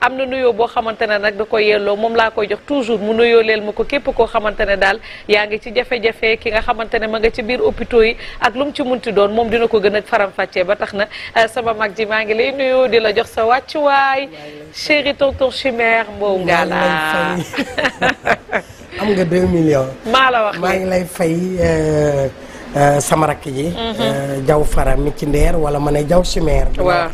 am na nuyoo boo xamante ne nag da ko yelloo moom laa koy jox toujours mu nuyoo leel ma ko képp koo xamante ne daal yaa ngi ci jafe-jafe ki nga xamante ne ma nga ci biir hôpitaux yi ak lu mu ci munti doon moom dina ko gën a faram-fàccee ba tax na euh, sama mag ji maa ngi lay nuyoo di la jox sa wàccuwaay chéri tonton chimère Mbow Ngala am nga 2 millions. maa la wax maa ngi lay fay. Euh, Euh, sama rakk ji. Mhm. Euh, jaw fara mi ci ndeer wala ma ne jaw simeer. waaw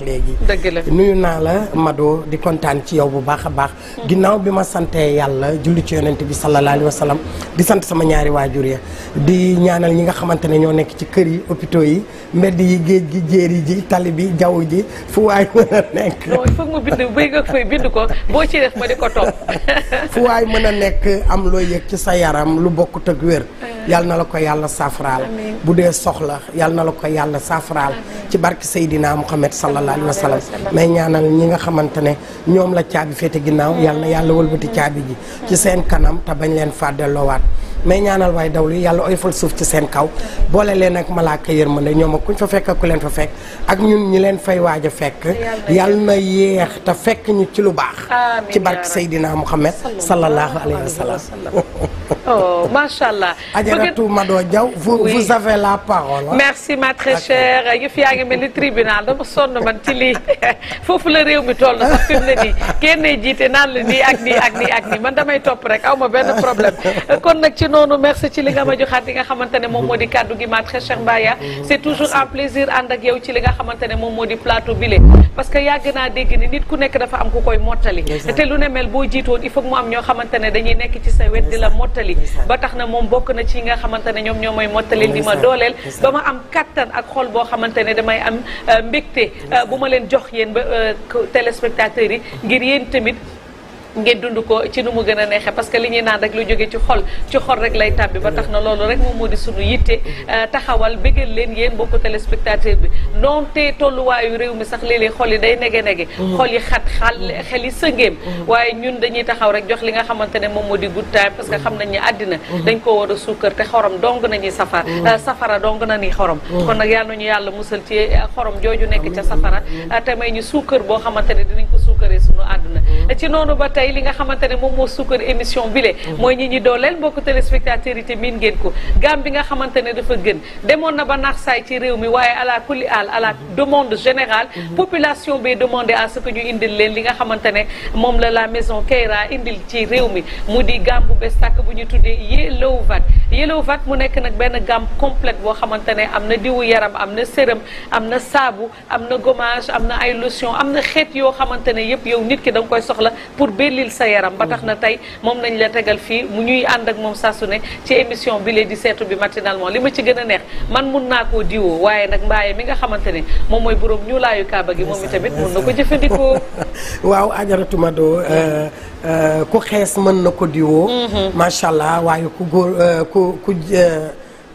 dëgg la nuyu naa la Mado di kontaan ci yow bu baax a baax. Mhm. ginnaaw bi ma santee yàlla julli ci yonent bi sallallahu alayhi wa di sant sama ñaari waajur ya di ñaanal ñi nga xamante ne ñoo nekk ci kër yi hôpitaux yi mbedd yi géej gi jéeri ji tali bi jaww ji fu waay mën a nekk. fu waay mën a nekk am loo yëg ci sa yaram lu bokkut ak wér. yal na la ko yàlla saafaraal bu dee soxla yal na la ko yàlla saafaraal ci barke Seydina Muhammad sallallahu alayhi wa sallam may ñaanal ñi nga xamante ne ñoom la caabi te ginnaaw yal na yàlla wëlbati caabi ji ci seen kanam te bañ leen fàddaloowaat may ñaanal waaye daw li yàlla oyofal suuf ci seen kaw boole leen ak malaaka yërmande ñoom ak kuñ fa fekk ak ku leen fa fekk ak ñun ñu leen fay waaj a fekk yàlla na yéex te fekk ñu ci lu baax ci barke Seydina Muhammad sallallahu alayhi wa sallam oh macha allah. Ajaratu Mado Diaw vous vous avez la parole. merci ma très chère yëf yaa ngi mel ni tribunal dama sonn man ci lii foofu la réew mi toll sax fi mu nii kenn jiite naan la nii ak nii ak nii man damay topp rek aw benn noonu merci ci li nga ma joxaat li nga xamante ne moom moo di kàddu gi ma très cher Mbaya c'est toujours un plaisir ànd ak yow ci li nga xamante ne moom moo di plateau bile parce que yàgg naa dégg ni nit ku nekk dafa am ku koy mottali te lu ne mel boo jiitoon il faut mu am ñoo xamante ne dañuy nekk ci sa wet di la mottali ba tax na moom bokk na ci nga xamante ne ñoom ñoo mooy mottalil di ma dooleel ba ma am kattan ak xol boo xamante ne damay am euh, mbégte euh, bu ma leen jox yéen ba euh, téléspectateurs yi ngir yéen tamit ngeen dund ko ci nu mu gën a neexee parce que li ñuy naan rek lu jóge ci xol ci xol rek lay tàbbi ba tax na loolu rek moom moo di sunu yitte mm-hmm. eh, taxawal bëggal leen yéen mbokku téléspectateur bi tolluwaayu réew mi sax léeg-léeg yi day nege nege mm-hmm. xol yi xat xal mm-hmm. xel yi sëngeem waaye ñun dañuy taxaw rek jox li nga xamante ne moom moo di good parce que xam nañ ne àddina dañ ko war a suukar te xorom dong nañuy safar eh, safara dong na ni xorom kon nag yàlla nañu yàlla musal ci eh, xorom jooju nekk ca safara te may ñu suukar boo xamante ne dinañ ko suukaree sunu àdduna noonu ba tey tey li nga xamante ne moom moo sukkar émission bi bile mhm. mooy ñi ñi dooleel mbokk téléspectateurs yi te miin ngeen ko gam bi nga xamante ne dafa gën demoon na ba naax saay ci réew mi waaye à la kulli al à la mhm. demande générale mhm. population bi demandé à ce que ñu indil leen li nga xamante ne moom la la maison Keira indil ci réew mi mu di gam bu bees tàkk bu ñu tuddee Yellow Vat Yellow Vat mu nekk nag benn gam complète boo xamante ne am na diwu yaram am na sérum am na saabu am na gommage am na ay lotion am na xeet yoo xamante ne yëpp yow nit ki da koy soxla bëllil sa yaram ba tax na tey moom nañ la tegal fii mu ñuy ànd ak moom sasu ne ci émission bi lee di seetu bi matinalement li ma ci gën a neex man mun naa koo diwoo waaye nag mbaaye mi nga xamante ne moom mooy borom ñu laayu kaaba gi moom itamit mun na ko jëfandikoo waaw ajaratuma doo euh, euh, ku xees mën na ko diwoo mm-hmm. macha allah waaye ku góor euh, ku ku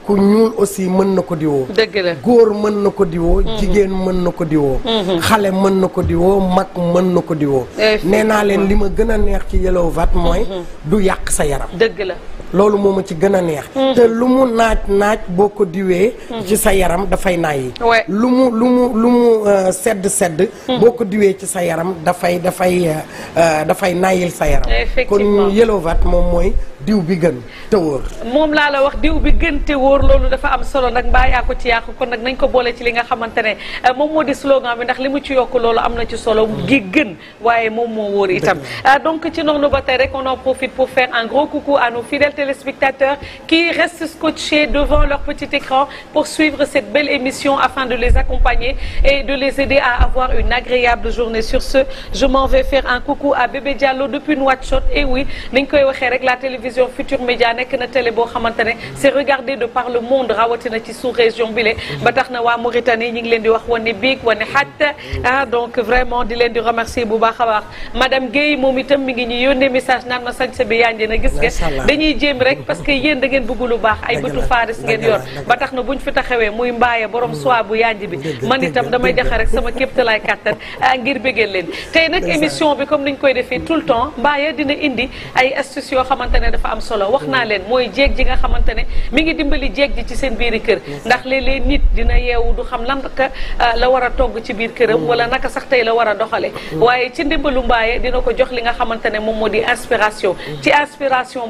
ku ñuul aussi mën na ko diwoo. dëgg góor mën na ko diwoo. Mhm. jigéen mën na ko diwoo. Mhm. xale mën na ko diwoo mag mën na ko diwoo. Eh, nee naa leen li ma gën a neex ci Yellow Vat mooy. Mhm. du yàq sa yaram. dëgg la loolu moom a ci gën a neex mm-hmm. te lu mu naaj naaj boo ko diwee mm-hmm. ci sa yaram dafay nayi lu mu lu mu lu mu euh, sedd sedd mm-hmm. boo diwee ci sa yaram dafay dafay euh, euh, dafay nayil sa yaram kon yelovat moom mooy diw bi gën te wóor moom laa la wax diw bi gën te wóor loolu dafa am solo nag mbaa yaa ko ci yàqu kon nag nañ ko boole ci li nga xamante ne moom moo di slogan bi ndax li mu ci yokk loolu am na ci solo gi gën waaye moom moo wóor itam donc ci noonu ba tey rek on pour faire un gros coucou à nos téléspectateurs qui restent scotchés devant leur petit écran pour suivre cette belle émission afin de les accompagner et de les aider à avoir une agréable journée. Sur ce, je m'en vais faire un coucou à Bébé Diallo depuis Nouakchott. Et oui, ni ñu koy waxee rek la télévision Futur Média nekk na télé boo xamante ne c'est regardé de par le monde rawatina ci sous-région bi le ñu ngi leen di wax wane biig wane xat ah donc vraiment di leen di remercier bu baax a baax madame Guèye moom itam mi ngi ñu message naan ma sañse na gis nga parce que yéen da ngeen bëgg lu baax ay bëtu faaris ngeen yor ba tax na buñ fi taxawee muy mbaaye borom mm. soi bu yanj bi man itam damay jaxa rek sama képptalaay kàttan ah, ngir béggeel leen tey nag émission bi comme niñ koy defee tout le temps mbaaye dina indi ay astuces yoo ne dafa am solo wax naa leen mooy jéeg ji nga xamante ne mi ngi dimbali jéeg ji ci seen biiri kër ndax léeg-léeg nit dina yeewu du xam lan ka ah, la war a togg ci biir këram mm. wala naka sax tey la war a doxale mm. waaye ci ndimbalu mbaaye dina ko li nga xamante ne moom moo di inspiration ci inspiration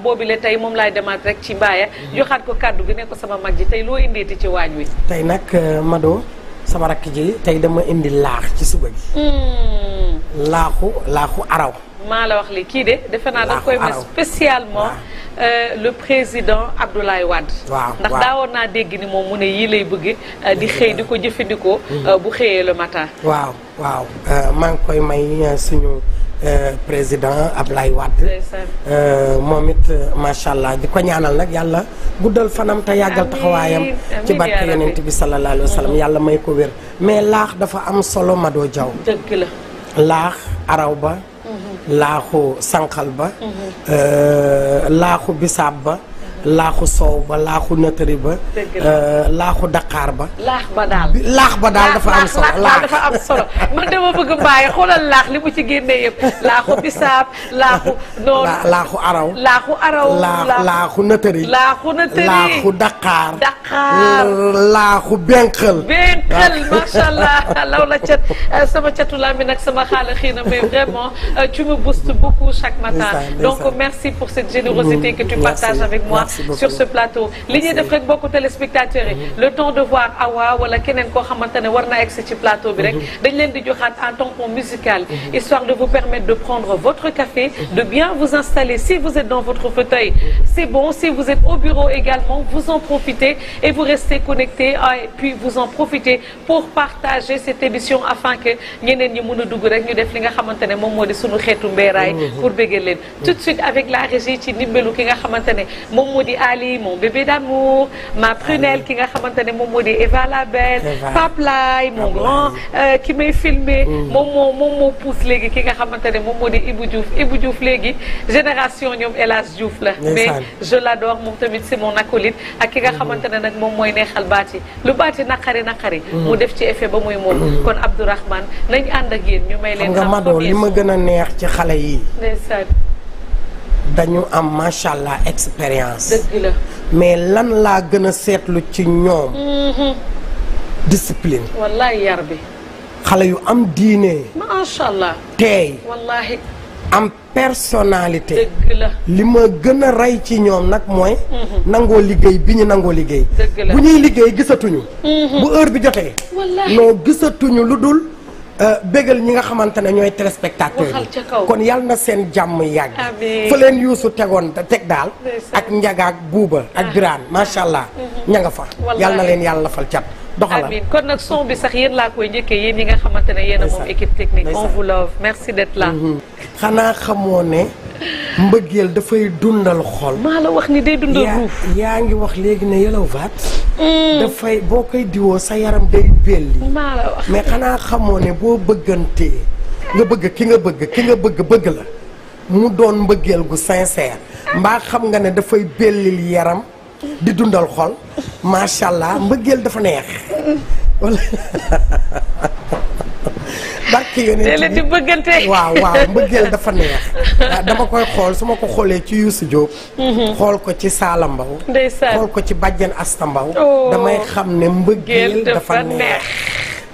moom demaat rek ci mbaaya mhm. joxaat ko kàddu gi ne ko sama mag ji tey loo indeeti ci waañ wi tey nag euh, Mado sama rakk ji tey dama indi laax ci suba hmm. laaxu laaxu araw maa la wax li kii de defe naa daf koy ma spécialement euh, le président Abdoulaye Wade ndax daawoon naa dégg ni moom mu ne yii lay bëgg euh, di xëy di ko jëfandikoo mhm. bu xëyee le matin waaw waaw maa ngi koy may suñu Euh, président ab Ablaye Wade euh, moom it macha allah di ko ñaanal nag yàlla guddal fanam te yàggal taxawaayam ci barke yonent bi sallallahu alayhi wa yàlla may ko wér mais laax dafa am solo Mado Diaw dëgg laax araw ba mhm. laaxu sànqal ba mhm. euh, laaxu bisaab ba laaxu soow ba laaxu nëtëri ba. Euh, laaxu daqaar ba. laax ba daal laax ba daal dafa am solo laax dafa am solo man dama bëgg laax li mu ci génnee yëpp laaxu bisaab laaxu. noonu laaxu araw. laaxu araw laaxu daqaar. daqaar laaxu benqal. benqal macha allah law la cat euh, sama catu laa mi nag sama xaalis xii vraiment euh, tu me boostes beaucoup chaque matin donc merci pour cette générosité que tu partages avec moi. sur ce plateau li ñuy def le de voir Awa wala keneen koo xamante ne war plateau bi rek dañ leen di joxaat un tampon musical histoire de vous permettre de prendre votre café de bien vous installer si vous êtes dans votre fauteuil c'est bon si vous êtes au bureau également vous en profitez et vous restez connectés ah, puis vous en profitez pour partager cette émission afin que ñeneen ñi mën a dugg rek ñu def li nga xamante ne moom moo di sunu de suite avec la régie ci ndimbalu moo di Ali mon bébé d'amour ma prunelle ki nga xamante ne moom moo di Eva la belle Pape euh, ki may filmer mm. moom moo moom moo pousse léegi ki nga xamante ne moom moo di Ibou Diouf Ibou Diouf léegi génération ñoom El Hadj la mais je l'adore moom tamit c'est mon acolyte ak ki nga mm-hmm. xamante ne nag moom mooy neexal baati lu baati naqari naqari mm-hmm. mu def ci effet ba muy moom mm-hmm. kon Abdourahmane nañ ànd ak yéen ñu may leen xam nga li ma gën a neex ci xale yi dañu am macha allah expérience. dëgg la mais lan laa gën a seetlu ci ñoom. Mhm. discipline. yar bi. xale yu am diine. macha allah am personnalité. li ma gën rey ci ñoom nag mooy. Mhm. nangoo liggéey bi ñu nangoo liggéey. bu ñuy liggéey gisatuñu. Mhm. bu heure bi jotee. wallaahi gisatuñu lu dul. bégal ñi nga xamante ne ñooy téléspectateurs yi kon yal na seen jàmm yàgg fa leen yuusu tegoon teg daal ak njagaak buuba ak ah. biraan macha allah mm-hmm. ña nga fa yal na leen yàlla fal cat doxalal amiin kon nag son bi sax yéen laa koy njëkkee yéen ñi nga xamante ne yéen a moom équipe technique on vous love merci d'être là. Mm-hmm. xanaa xamoo ne mbëggeel dafay dundal xol. maa la wax ni day dundal yaa ngi wax léegi ne yellow vaat. Mm. dafay boo koy diwoo sa yaram day belli. maa xanaa xamoo ne boo bëggantee nga bëgg ki nga bëgg ki nga bëgg bëgg la mu doon mbëggeel gu sincère mbaa xam nga ne dafay bellil yaram. di dundal xol macha allah mbëggeel dafa neex wala. barke di bëggante waaw waaw mbëggeel dafa neex dama koy xool su ma ko xoolee ci Youssou Diop mhm. xool ko ci Saala Mbaw xool ko ci Bàjjen astambaw oh. damay xam ne mbëggeel dafa neex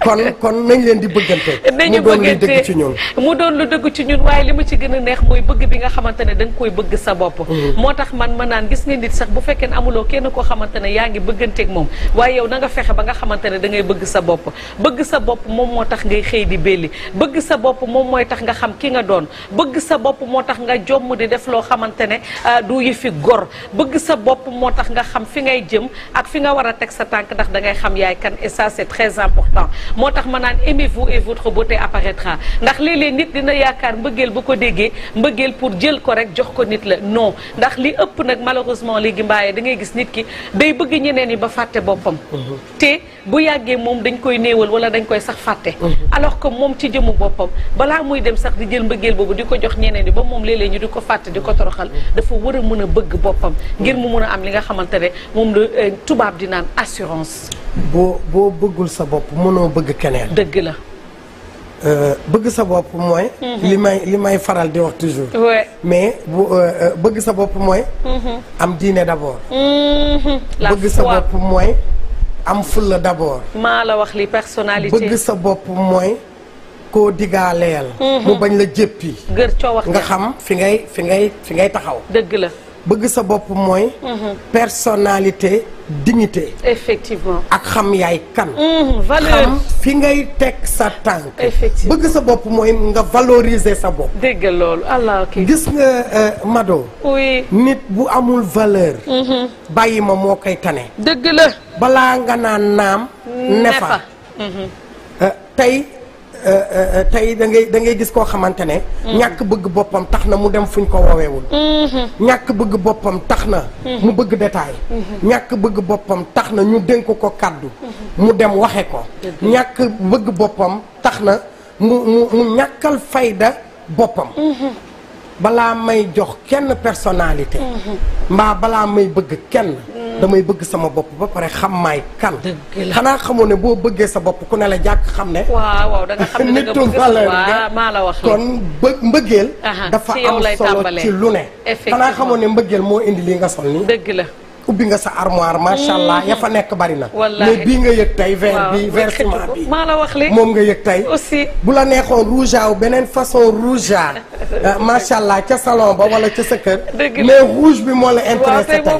kon kon nañ leen di bëggante nañu bëggante ci ñun mu doon lu dëgg ci ñun waaye li ma ci gën a neex mooy bëgg bi nga xamante ne koy bëgg sa bopp mm-hmm. moo tax man ma naan gis nga nit sax bu fekkee ne amuloo kenn koo xamante ne yaa ngi bëgganteeg moom waaye na nga fexe ba nga xamante ne da bëgg sa bopp bëgg sa bopp moom moo tax ngay xëy di belli bëgg sa bopp moom mooy tax nga xam ki nga doon bëgg sa bopp moo tax nga jomm di def loo xamante ne ah, du fi gor bëgg sa bopp moo tax nga xam fi ngay jëm ak fi nga war a teg sa tànk ndax dangay xam yaay kan et ça c'est très important moo tax ma naan aimez-vous et votre beauté apparaîtra ndax léeg-léeg nit dina yaakaar mbëggeel bu ko déggee mbëggeel pour jël ko rek jox ko nit la non ndax li ëpp nag malheureusement léegi mbaaye dangay gis nit ki day bëgg ñeneen yi ba fàtte boppam mhm. te bu yàggee moom dañ koy néewal wala dañ koy sax fàtte mhm. alors que moom ci jëmu boppam balaa muy dem sax di jël mbëggeel boobu di ko jox ñeneen ñi ba moom léeg-léeg ñu di ko fàtte di ko toroxal mhm. dafa war a mën a bëgg boppam ngir mu mën a am li nga xamante ne moom la euh, tubaab di naan assurance boo boo bëggul sa bopp mënoo bëgg keneen dëgg la euh, bëgg sa bopp mooy mhm. may li may faral di wax toujours mais bu euh, bëgg sa bopp mooy am diine d'abord bëgg sa bopp mooy am fulla d'abord. maa la wax li personnalité bëgg sa bopp mooy koo digaaleel mhm. mu bañ la jéppi gër coo nga xam fi ngay fi ngay fi ngay taxaw dëgg la bëgg sa bopp mooy. Mhm. personnalité dignité. effectivement ak xam yaay kan. Mhm, xam fi ngay teg sa tànk. effectivement bëgg sa bopp mooy nga valoriser sa bopp. dégg loolu allah gis nga euh, Mado. nit bu amul valeur. Mhm. bàyyi ma moo koy tane. dëgg la balaa nga naan naam. ne euh, tey. Euh, euh, euh, tey da ngay da gis koo xamante ne. ñàkk bëgg boppam tax na mu dem fuñ ko wooweewul. Mm-hmm. ñàkk bëgg boppam tax na. Mm-hmm. mu bëgg détail. Mm-hmm. ñàkk bëgg boppam tax na ñu dénk ko kàddu. mu dem waxe ko. ñàkk bëgg boppam tax na mu mu mu ñàkkal fayda boppam. balaa may jox kenn personnalité. Mm-hmm. mbaa balaa may bëgg kenn. Mm. damay bëgg sama bopp ba pare xam maay kan. xanaa xamoon ne boo bëggee sa bopp ku ne la jàkk xam ne. waaw waaw da nga xam ne maa la wax kon bë mbëggeel. dafa am solo ci lu ne. xanaa xamoon ne mbëggeel moo indi lii nga sol nii. dëgg ubbi nga sa armoire macha allah ya fa nekk bari na. mais bii nga yëg tey vert bi versement bi maa la wax léegi moom nga yëg tey. aussi bu la neexoon rouge à beneen façon rouge ah, macha allah ca salon ba wala ca sa kër. mais rouge bi moo la intéressé tey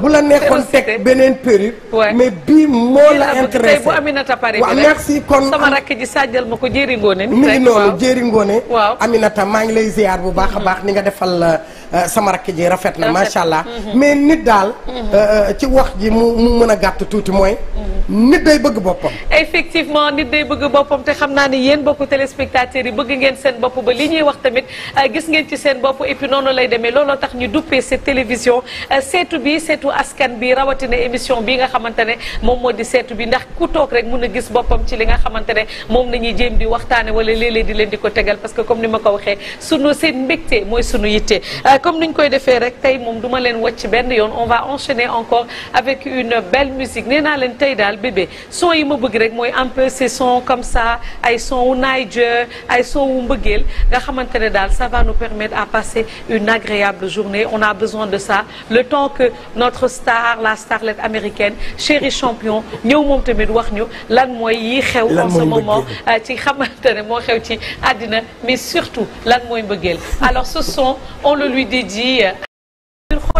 bu la neexoon teg beneen perruque. mais bii moo la intéressé tey bu Aminata pare waaw merci kon sama rakk ji sàjjal ma ko jëri ngoone. mi ngi noonu jëri ngoone. waaw Aminata maa ngi lay ziar bu baax a baax mm-hmm. ni nga defal. Euh, sama rakk ji rafet na macha allah. Mhm. mais nit daal. Mhm. Euh, euh, ci wax ji mu mu mën a gàtt tuuti mooy. Mhm. nit day bëgg boppam. effectivement nit day bëgg boppam te xam naa ni yéen bokk téléspectateurs yi bëgg ngeen seen bopp ba li ñuy wax tamit gis ngeen ci seen bopp épi noonu lay demee looloo tax ñu duppee cette télévision seetu bi seetu askan bi rawatina émission bi nga xamante ne moom moo di seetu bi ndax ku toog rek mun a gis boppam ci li nga xamante ne moom la ñuy jéem di waxtaane wala léeg di leen di ko tegal parce que comme ni ma ko waxee sunu seen mbégte mooy sunu yitte comme ni ñu koy defee rek tey moom du ma leen wàcc benn yoon on va enchaîner encore avec une belle musique nee naa leen tey daal bébé son yi ma bëgg rek mooy un peu ces son comme ça ay son wu Niger ay son wu mbëggeel nga xamante ne daal ça va nous permettre à passer une agréable journée on a besoin de sa le temps que notre star la starlette américaine chérie champion ñëw moom tamit wax ñu lan mooy yi xew en ce moment euh, ci xamante ne moo xew ci àddina mais surtout lan mooy mbëggeel alors ce son on le lui de dia.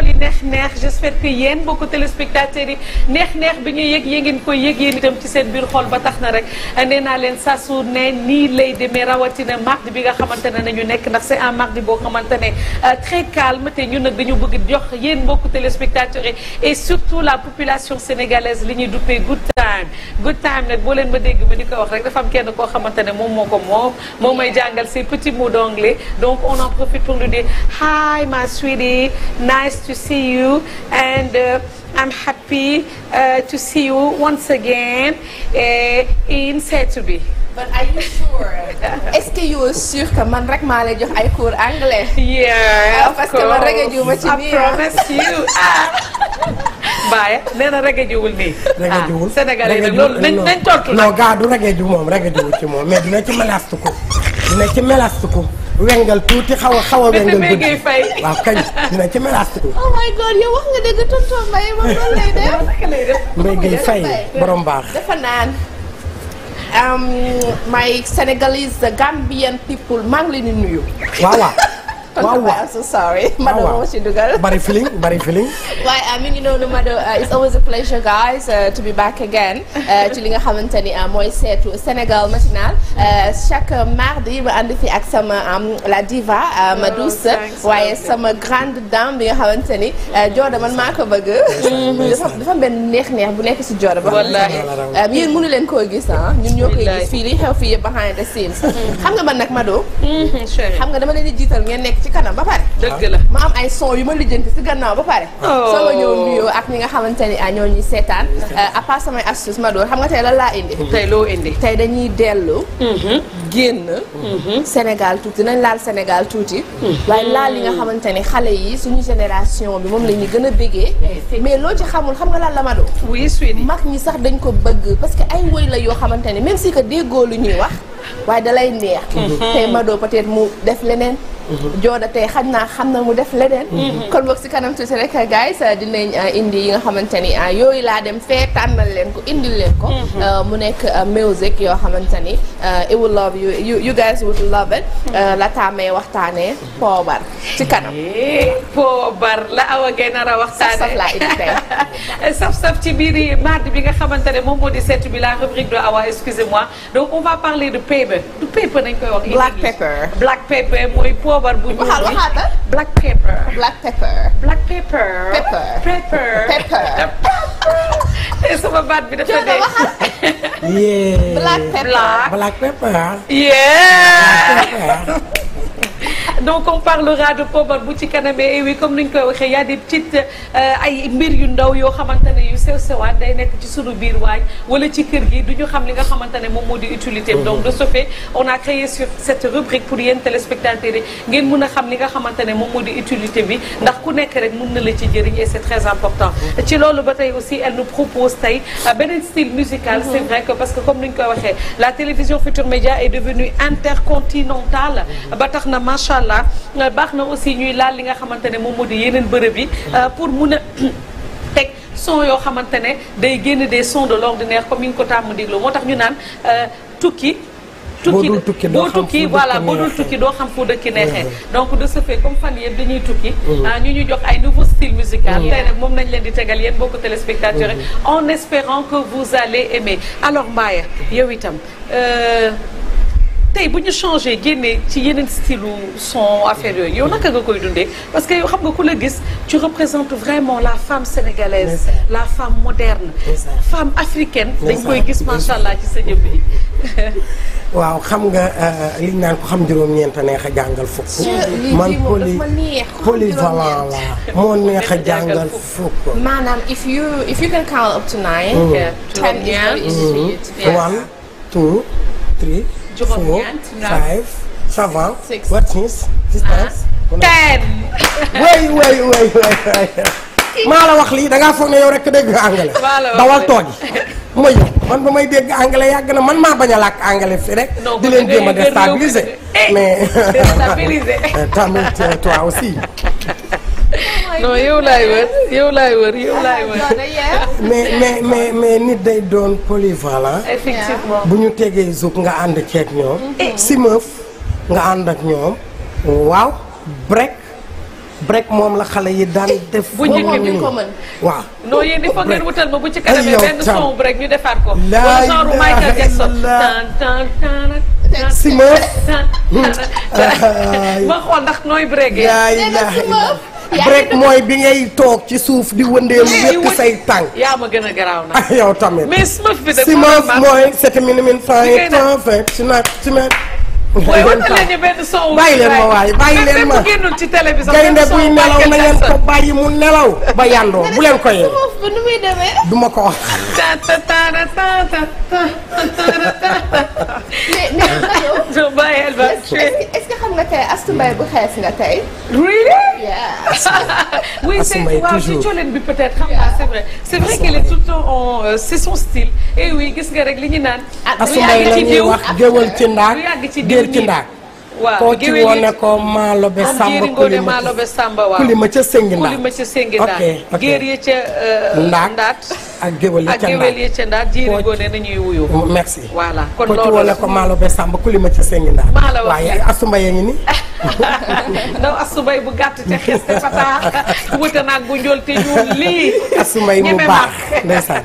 xol yi neex neex j'espère que yéen mbokku téléspectateurs yi neex neex bi ñu yëg yéen ngeen koy yëg yéen itam ci seen biir xol ba tax na rek nee naa leen saa su ne nii lay demee rawatina mardi bi nga xamante ne nañu nekk ndax c'est un mardi boo xamante ne euh, très calme te ñun nag dañu bëgg jox yéen mbokku téléspectateurs yi et surtout la population sénégalaise li ñuy duppee good time good time nag boo leen ma dégg ma di ko wax rek dafa am kenn koo xamante ne moom moo ko moom moo may jàngal ces petits mots d'anglais donc to see you and uh, I'm happy uh, to see you once again uh, in Sétougui. But are you sure? Est-ce que you are sure que man rek maa lay jox ay cours anglais? Yeah, ah, of course. Parce que man rek a juuma ci nii. I promise you. Ah. Baye nee na rek a jiwul nii. rek a ah, jiwul Sénégalais nag loolu nañ nañ tontu. non gaa du rek a jiw moom rek a jiwul ci moom mais dina ci melastu ko dina ci melastu ko. wengal tuuti xaw a xaw a wengal guddi fay waaw kañ dina ci melaas tuuti oh my god yow wax nga dëgg tonton Mbaye moom borom baax dafa naan um, my Gambian people maa ngi leen di nuyu waaw waaw I'm so sorry. Mado moo ci dugal. bari feeling bari feeling. waaye mi ngi noonu Mado it's always a pleasure guys uh, to be back again. Uh, ci li nga xamante ni uh, mooy seetu Sénégal matinal uh, chaque mardi ba ànd fi ak sama um, la diva oh, ma douce waaye sama grand dame bi nga xamante ni Jooda man maa ko bëgg. dafa dafa neex-neex bu nekk si Jooda. wallaahi yéen mënu leen koo gis ah. ñun ñoo koy gis fii li xew fii yëpp behind the scenes. xam man nag Mado. Mm-hmm, xam dama leen di jiital ngeen nekk. ci kanam ba pare. dëgg la ma am ay son yu ma lijjanti si gannaaw ba pare. Oh. soo ma ñëw nuyoo ak ñi nga xamante ni ah, ñoo ñuy seetaan. Euh, à part samay astuce ma door xam nga tey lan laa indi. tey loo indi. tey dañuy dellu. Mm-hmm. génn. Mhm. Sénégal tuuti nañ laal Sénégal tuuti. Mhm. waaye laal li nga xamante ne xale yi suñu génération bi moom la ñu gën a bëggee. mais loo ci xamul xam nga lan la ma doon. oui mag ñi sax dañ ko bëgg parce que ay woy la yoo xamante ne même si que déggoo lu ñuy wax. waaye dalay neex. Mhm. tey Mado peut-être mu def leneen. jooda tey xam naa xam na mu def leneen. kon boog si kanam tuuti rek sa dina uh, indi yi nga xamante ni uh, yooyu laa dem fee tànnal leen ko indi leen ko. Uh, mu nekk musique yoo xamante you you you guys would love it. Hmm. Uh, la taamee waxtaanee poobar ci kanam. Eh, poobar la awa ngeen nar a waxtaanee saf saf laa indi tey. Eh, saf saf ci biir mardi bi nga xamante ne moom di seetu bi la rubrique de Awa excusez-moi donc on va parler de pepper du ah. pepper black pepper black pepper eh, bu black pepper. black pepper. black bi dafa black pepper Yeah. donc on parlera de poobar bu ci kanamee et oui comme ni ñu koy waxee y a des euh, ay mbir yu ndaw yoo xamante ne yu sew sewaat day nekk ci sunu biir waañ wala ci kër gi du ñu xam li nga xamante ne moom moo di utilité donc de ce fait on a créé sur cette rubrique pour yéen a xam li nga xamante ne moo di utilité bi ndax ku nekk rek mën na la ci jëriñ et c'est très important ci loolu ba tey aussi elle nous propose tey euh, beneen style musical mm-hmm. c'est vrai que parce que comme ni ñu koy waxee la télévision Futur Média est devenue intercontinentale mm-hmm. ba tax na macha allah euh, baax na aussi ñuy laal li nga xamante ne moom moo di yeneen bërëb yi euh, pour mun a teg son yoo xamante ne day génn des sons de l'ordinaire comme ni ñu ko tàmm digloo moo tax ñu naan euh, tukki tukki boo tukki boo tukki voilà boo dul tukki doo xam fu dëkki neexee donc de ce fait comme fan yëpp dañuy tukki ah, ñu ñu jox ay nouveau style musical tey nag moom nañ leen di tegal yéen mbokku téléspectateurs yi en espérant que vous allez aimer alors Mbaye yow itam tey bu ñu changé génnee ci yeneen style son affaire yooyu yow naka nga koy dundee parce que yow xam nga ku la gis tu représentes vraiment la femme sénégalaise la femme moderne femme africaine dañ koy gis macha allah ci sa jëmm yi waaw xam nga euh, liñ naan ko xam juróom-ñeent a neex a jàngal fukk man poly polyvalent la moo neex a jàngal fukk maanaam if you if you can count up to nine mm-hmm. ten is easy to you mm-hmm. one two three four, five, seven, six, what is distance? Ah, ten. way maa la wax lii da ngaa foog ne yow rek dégg nga anglais. dawal toogi mooy man ba may dégg anglais yàgg na man maa bañ a làkk anglais fi rek. di leen jéem a déstabiliser. Eh, mais tamit euh, toi aussi. non yow laay wër yow wër yow wër. mais mais mais mais nit day doon polyvalent. effectivement bu ñu tegee zouk nga ànd ceeg ñoom. Eh. si nga ànd ak ñoom. waaw break break moom la xale yi daan def. bu njëkk ko mën waaw. non ci kanamee benn break ñu defaat ko. wala genre break mooy bi ngay toog ci suuf di wëndeelu wékk say tànk. yaa ma gën a garaaw nag ah, yow tamit. mais mooy sept mille mille francs yi mooy wane leen ni benn soowu. bàyyi leen ma waaye bàyyi leen ma génnul ci télé bi sax gaynde buy nelaw na ngeen ko bàyyi mu nelaw. ba yàndoo bu leen ko yee. nu muy demee. du ma ko wax. est-ce que xam nga tey Astou Mbaye bu xees nga tey. really. oui c'est waaw ci colin bi peut-être xam nga c'est vrai c'est vrai qu'elle est tout le temps en euh, c'est son style. et eh oui gis nga rek li ñu naan. Astou ah, Mbaye la ñuy wax géwël ci ndaak Kër waaw ca Sengi Ndaat ok ok ya ca euh, Ndaat. ak géwél yi ca Ndar ak géwél yi ca Ndar kon loolu ko wala ko maalo be sàmb ku li ma ci sengi Ndar. maalo waaye asumba yaa ni. ndaw asumay bu gàtt te xes te fataa wuute naag bu njool te ñuul lii. asumay mu baax ndeysaan.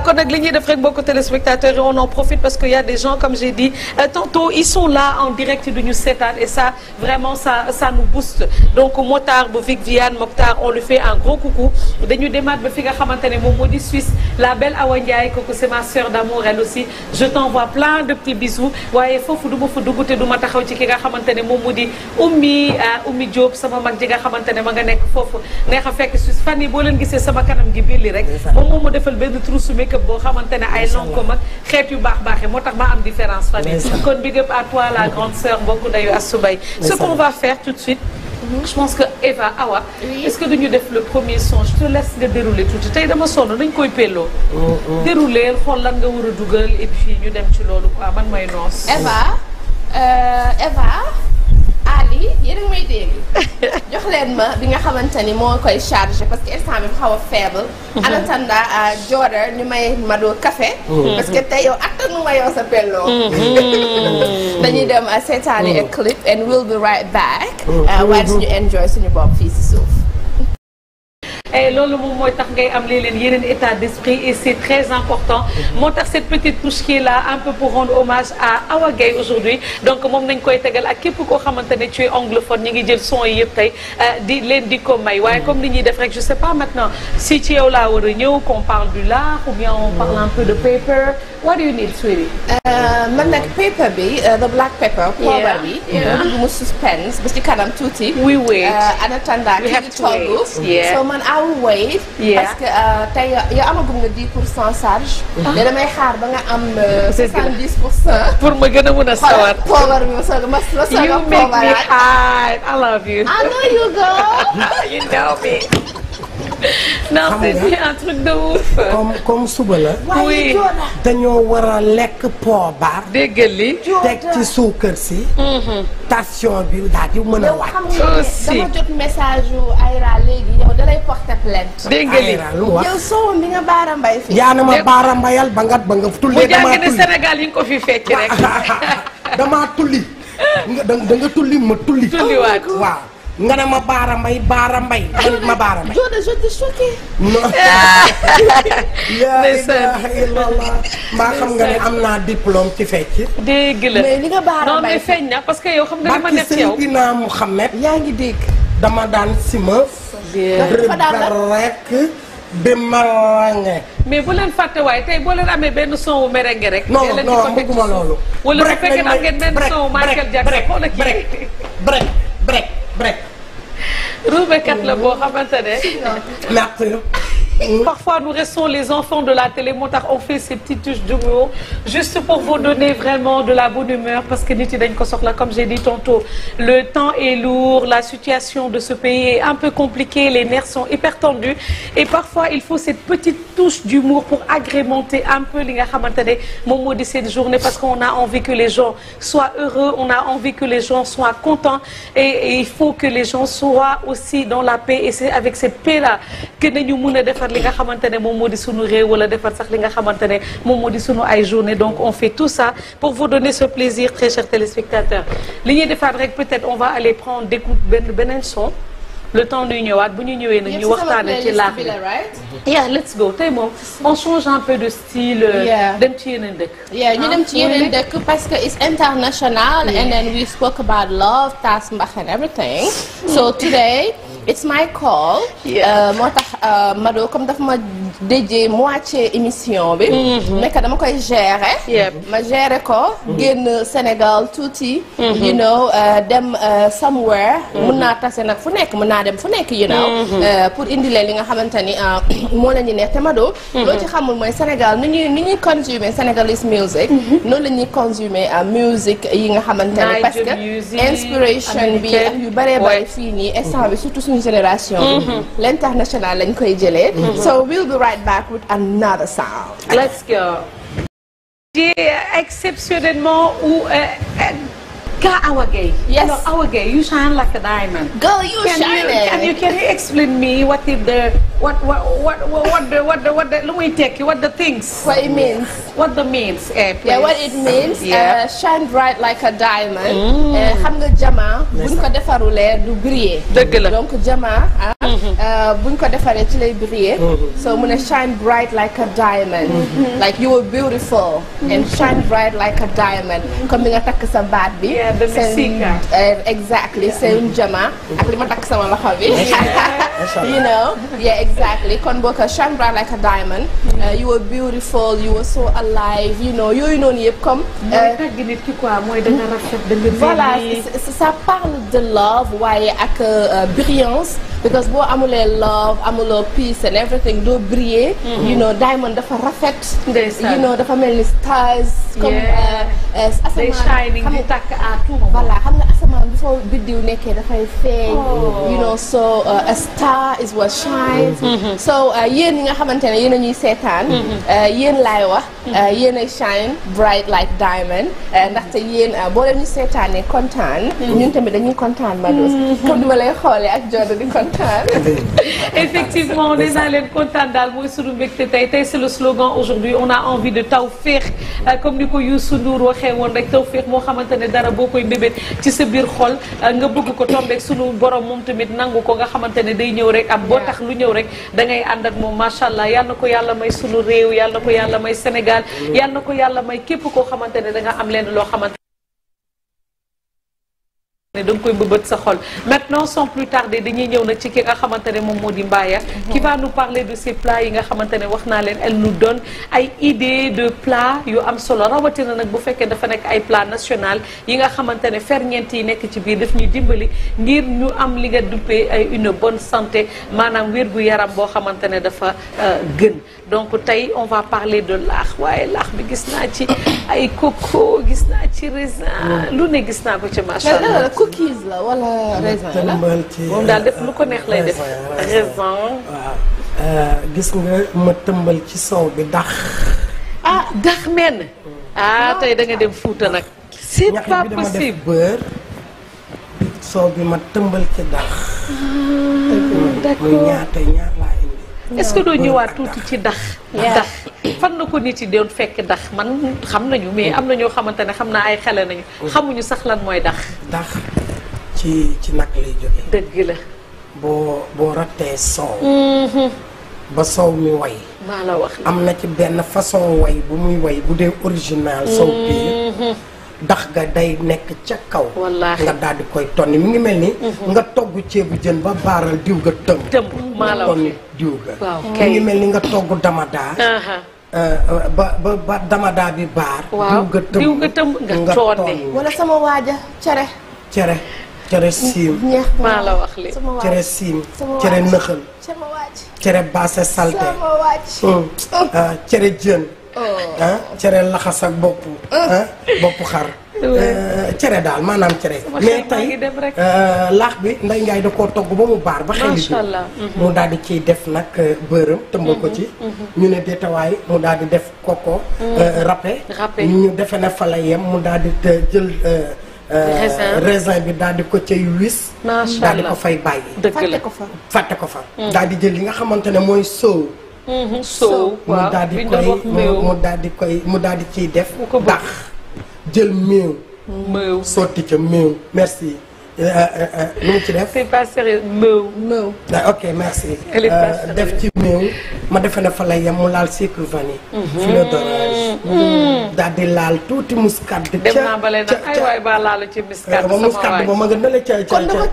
kon nag li ñuy def rek mbokku téléspectateurs yi on en profite parce que y a des gens comme j'ai dit euh, tantôt ils sont là en direct du ñu seetaan et ça vraiment ça ça nous booste donc Mokhtar bu Vic Viane Mokhtar on lui fait un gros coucou dañu maudit Suisse la belle Awa Ndiaye kooku c'est ma sœur d'amour elle aussi je t'envoie plein de petits bisous waaye foofu du fa dugg te taxaw ci ki nga xamante ne moom mu di ummi euh, ummi Diop sama mag ji nga xamante ne ma nga nekk foofu neex a fekk Suisse fan yi boo leen gisee sama kanam gi biir li rek moom moom ma defal benn trousse make-up boo xamante ne ay lon ko mag xeet yu baax baaxee moo tax ma am différence fan yi kon big up à toi la grande sœur mbokku ndeyu Assoubay ce qu'on va faire je pense que Eva Awa. est-ce que duñu def le premier son je te laisse nga dérouler tuuti tey dama sonn dañ koy pelloo. dérouler xool lan nga war a dugal et puis ñu dem ci loolu quoi man may noos. Eva euh, Eva. Ali yéen a may dégg jox leen ma bi nga xamante ni moo koy chargé parce que instant bi xaw a faible. Mhm. en attendant euh, ñu may Mado café mhm. parce que tey yow attanu ma yow sa pelloo. Mhm. dañuy dem euh, seetaani a clip and we'll be right back. Euh, waaye suñu enjoy suñu bopp fii si et loolu moom mooy tax ngay am léeg-léeg yeneen état d'esprit et c'est très important moo tax cette petite touche qui est là un peu pour rendre hommage à Awa Gaye aujourd'hui donc moom nañ koy tegal ak képp koo xamante ne tu es anglophone ñi ngi jël son yi yëpp tey euh, di leen di ko may waaye comme ni ñuy def rek je sais pas maintenant si ci yow laa war a ñëw qu'on parle du lard ou bien on parle un peu de paper what do you need sweetie euh, man nag paper bi euh, the black pepper poobar bi mu suspense ba ci kanam tuuti we wait ana tanda ki ngi togg so man long way. parce que euh, tey euh, yow amagum nga 10 pour cent charge. Ah. mais damay xaar ba nga am. 70 euh, pour cent. pour ma gën a mën a sawar. poobar bi ma soog a ma soog a you make me high I love you. I know you girl. you know me. non c'est un truc de ouf. comme comme suba la. oui dañoo war a lekk poobar. dégg li teg ci suukar si. Mm-hmm. tension bi daal di mën a wàcc. aussi dama jot message yu Aïra léegi yow dalay porté. porte plainte. dégg nga lii yow soo mi nga baara mbay fii. yaa ne ma baara mbayal ba nga ba nga tulli. damaa tulli mu jàng ne Sénégal yi nga ko fi fecc rek. damaa tulli. nga tulli ma tulli. tulliwaat nga ne ma baara mbay baara mbay. Ah, ma baara mbay. xam nga ne am naa diplôme ci fecc. dégg la mais li nga baara mbay. non mais feeñ na parce que yow xam nga li ma def yow. barke Seydina Muhammad yaa ngi dégg. dama daan sima rek di marange mais bu leen fàtte waaye tey boo leen amee benn son wu merengue rek. non non bëgguma loolu. wala bu fekkee am ngeen benn son wu Michael Jackson xool la boo xamante ne. merci. Parfois, nous restons les enfants de la télé moo tax on fait ces petites touches d'humour juste pour vous donner de la bonne humeur parce que nit yi dañ ko soxla comme j'ai dit tantôt le temps est lourd la situation de ce pays est un peu compliquée les nerfs sont hyper tendus et parfois il faut cette petite touche d'humour pour agrémenter un peu li nga xamante ne moom moo di cette journée parce qu'on a envie que les gens soient on a envie que les gens soient contents et, et il faut que les gens soient aussi dans la paix et c'est avec cette a def defar li nga xamante ne moom moo di sunu réew wala defar sax li nga xamante sunu ay journée donc on fait tout ça pour vous donner ce plaisir très chers téléspectateurs li ñuy defaat peut-être on va aller prendre découte benn beneen son le temps nuy ñëwaat bu ñu ñëwee nag ñu waxtaanee ci laax bi yeah let's go tey moom on change un peu de style. Euh, dem ci yeneen dëkk. yeah ñu dem ci ah, yeneen dëkk parce que it's international. Yeah. and then we it's my call. Euh, moo tax euh, Mado comme dafa ma déjee moitié émission bi. Mm-hmm. nekk dama koy gérer. ma gérer ko. Mm-hmm. génn Sénégal tuuti. Mm-hmm. you know euh, dem somewhere. mun naa tase nag fu nekk mun naa dem fu nekk you know. pour indi leen li nga xamante ni moo la ñu neex te Mado. loo ci xamul mooy Sénégal ni ñuy ni ñuy consumer Sénégalese music. noonu la ñuy consumer musique yi nga xamante ni parce que inspiration bi ak yu bare bëri fii nii instant bi surtout suñu génération. Mm-hmm. l' international lañ koy jëlee. Mm-hmm. so we'll be right back with another sound. let's go. exceptionnellement ou. Euh, euh, Ka Awa Gaye. yes no Awa Gaye you shine like a diamond. girl you can shine you, can you can you explain me what is the what what what what the what the what the lu muy tekki what the things. what it means. what the means. Eh, yeah what it means. yeah uh, shine bright like a diamond. Mm. Eh, xam nga jama. buñ ko defarulee du briller. dëgg la donc jama ah. Mm-hmm. Euh, buñ ko defaree ci lay briller. so mu ne shine bright like a diamond. Mm-hmm. like you were beautiful. and shine bright like a diamond. comme bi nga takk sa baat bi. Mexica. Uh, exactly yeah. c'est une jama ak li ma takk sama loxo bi. you know yeah exactly kon boo ko shine bright like a diamond. Uh, you were beautiful you were so alive you know yooyu noonu yëpp comme. mooy uh, tagg nit ki quoi mooy da nga rafet da nga voilà ça parle de love waaye ak uh, brillance because boo amulee love amuloo peace and everything doo briller. Mm-hmm. you know diamond dafa rafet. you know dafa mel ni stars. comme uh, asamaan xam nga voilà xam nga asamaan bu soo biddiw nekkee dafay feeñ. Oh. you so uh, a star is what shines. Mm -hmm. so uh, yéen ñi nga xamante ne yéen a ñuy seetaan. Mm-hmm. Uh, yéen laay wax. Mm-hmm. yéen a shine bright like diamond. ndaxte yéen boo leen ñu seetaanee kontaan. ñun tamit dañuy kontaan Madoz. comme ni ma lay xoolee ak Jordan di kontaan. effectivement dèjà leen kontaan daal mooy sunu mbégte tey tey c'est le slogan aujourd'hui on a envie de tawféex euh, comme ni ko Youssou Ndour waxee woon rek tawféex moo xamante ne nga koy mbébét ci sa biir xol euh, nga bëgg ko tombeek sunu borom moom tamit nangu ko nga xamante ne day ñëw rek am boo tax lu ñëw rek da ngay moom macha allah yal na ko yàlla may sunu réew yal na ko yàlla may Sénégal mm-hmm. yal na ko yàlla may képp koo xamante ne da am leen loo xamante ne da nga koy bëbët sa xol maintenant sans plus tarder dañuy ñëw nag ci ki nga ne moom moo di Mbaye qui va nous parler de ces plats yi nga xamante ne wax naa leen elle nu donne ay idées de plats yu am solo rawatina nag bu fekkee dafa nekk ay plats national yi nga xamante ne ferñeent yi nekk ci biir daf ñuy dimbali ngir ñu am li nga duppee ay une bonne santé maanaam wér gu yaram boo xamante ne dafa euh, gën donc tey on va parler de laax waaye laax bi gis naa ci ay coco gis naa ci raisin gis naa ko ci cookies la wala moom daal def lu ko neex lay def raisin waaw euh, gis nga ma tëmbal ci soow bi dax ah dax menn ah, ah. tey da dem Fuuta nag c'est pas possible soow bi ma tëmbal ci dax ah, d'accord muy ñaata est-ce que doo ñëwaat tuuti ci dax dax fan na ko nit yi doon fekk dax man xam nañu mais mm. am na ñoo xamante ne xam naa ay xale nañu mm. xamuñu sax lan mooy dax dax ci ci nag lay jógee dëgg la boo boo rattee soow mm-hmm. ba soow mi woy maa la wax am na ci benn façon way bu muy way bu dee original soow pire mm-hmm. dax ga day nekk ca kaw. wallaahi nga daal di koy tonni mi ngi mel ni. Mhm. nga togg ceebu jën ba baaral diw ga tëmb. diw ga. waaw mi mel ni nga togg damadaa. Euh, ba ba damadaa bi baar. diw ga tëmb nga tonni wala sama waaja cere. cere cere siim. ñeex maa la wax li cere siim cere nëxal. cere baase salte. Mm. Euh, cere jën. Oh. Ah, cere laxas ak bopp oh. ah, bopp xar eh, cere daal maanaam cere mais tey eh, laax bi nday ngaay da koo togg ba mu baar ba xel bi mhm. mu daal di ciy def nag eh, bërëm tëmbal ko mhm. ci mhm. ñu ne détawaay mu daal di def koko râpé ñu defe ne fala la yem mu daal di jël raisin bi daal di ko cay wis daal di ko fay bàyyi fàtte ko fa daal di jël li nga xamante ne mooy soow Mhm. soow mu daal di koy mu daal di koy mu daal di ciy def ndax jël méew méew sotti ca méew merci lu euh, euh, euh, mu ci def c'est pas sérieux méew méew ah, ok merci def ci méew ma defe ne fa lay yem mu laal sucre vanille mhm. fleur d'oranger Mm-hmm. daal di laal tuuti muskat. ca dem naa bale nag ay waay ba laal ci muskat. sama waay muskat ba ma nga ne la ca ca ca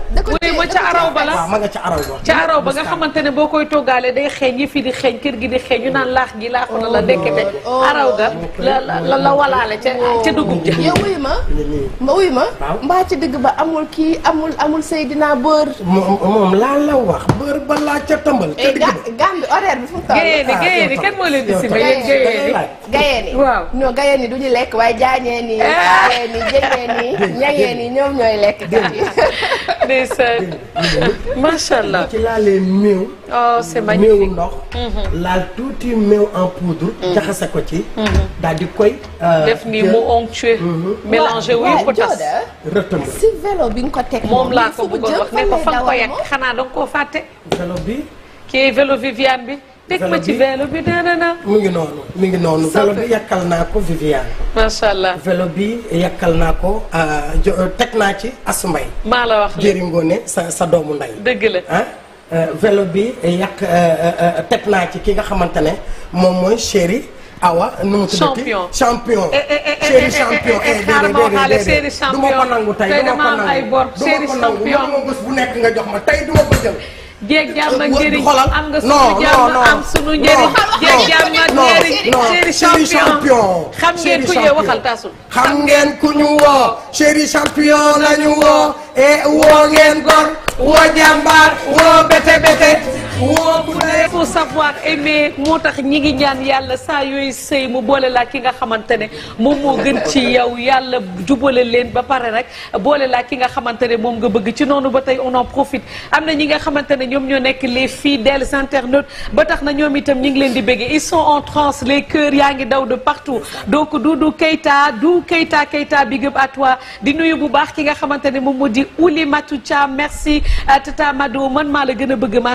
ca araw ba la waaw ma nga ca araw araw ba nga xamante ne boo koy toggaale day xeeñ yi fii di xeeñ kër gi di xeeñ ñu naan gi laaxu na la ndekete. Oh, oh, oh. araw ga la la la walaale ca ca dugub ja. yow wuy ma ma wuy ma. ci digg ba amul kii amul amul Seydina Bër. moom moom laa la wax Bër ba laa ca tàmbal. Eh, ca digg ba gànd horaire bi fu mu toll. Gaye ni ah, Gaye ni kenn moo leen di si. Gaye ni waaw ñoo gayeen ni du ñu lekk waaye jaañee ni eh. jaañee ni jëngee ni ñoom ñooy lekk kat yi macha allah ci laalee méew oh c'est magnifique ndox mm-hmm. laal tuuti méew en poudre mm-hmm. jaxase ko ci mm-hmm. daal di koy euh, def ni mu onctueux mélangé wuyu potas retenu si vélo bi nga ko teg moom laa ko bëggoon nga ko yàq xanaa danga koo fàtte vélo bi kii vélo Viviane bi teg ma ci vélo bi nee na mu ngi noonu mu ngi yàkkal naa ko Viviane. macha allah vélo bi yàkkal naa ko ah, euh, teg naa ci Asou Mbaye. maa la wax jëri ngoone sa sa doomu nday dëgg la ah. Euh, vélo bi yàq euh, teg naa ci ki nga xamante ne moom mooy chéri awa nu mu tuddati champion chéri champion déedéet déedéet du ko nangu tey du ko nangu du ma bu nekk nga jox ma tey du ma jël. jéeg jàmm ak njëriñ am nga sunu jàmm am sunu njëriñ. jéeg jàmm ak njëriñ. chéri champion xam ngeen ku ñëw waxal taasul. xam ngeen ku ñu woo. chéri champion la ñu woo. e woo ngeen gor. woo jàmbaar woo bete bete. woo ku ne. il faut savoir aimer moo tax ñi ngi ñaan yàlla saa yooyu sëy mu boole laa ki nga xamante ne moom moo gën ci yow yàlla jubale leen ba pare rek boole laa ki nga xamante ne moom nga bëgg ci noonu ba tey on en am na ñi nga xamante ñoom ñoo nekk les fidèles internautes ba tax na ñoom itam ñu ngi leen di béggee ils sont en transe les cœurs yaa ngi daw de partout donc Doudou Keita Doudou Keita Keita big up à toi di nuyu bu baax ki nga xamante ne moom moo di Oulimatou Thiam merci euh, Tata Mado man maa la gën a bëgg ma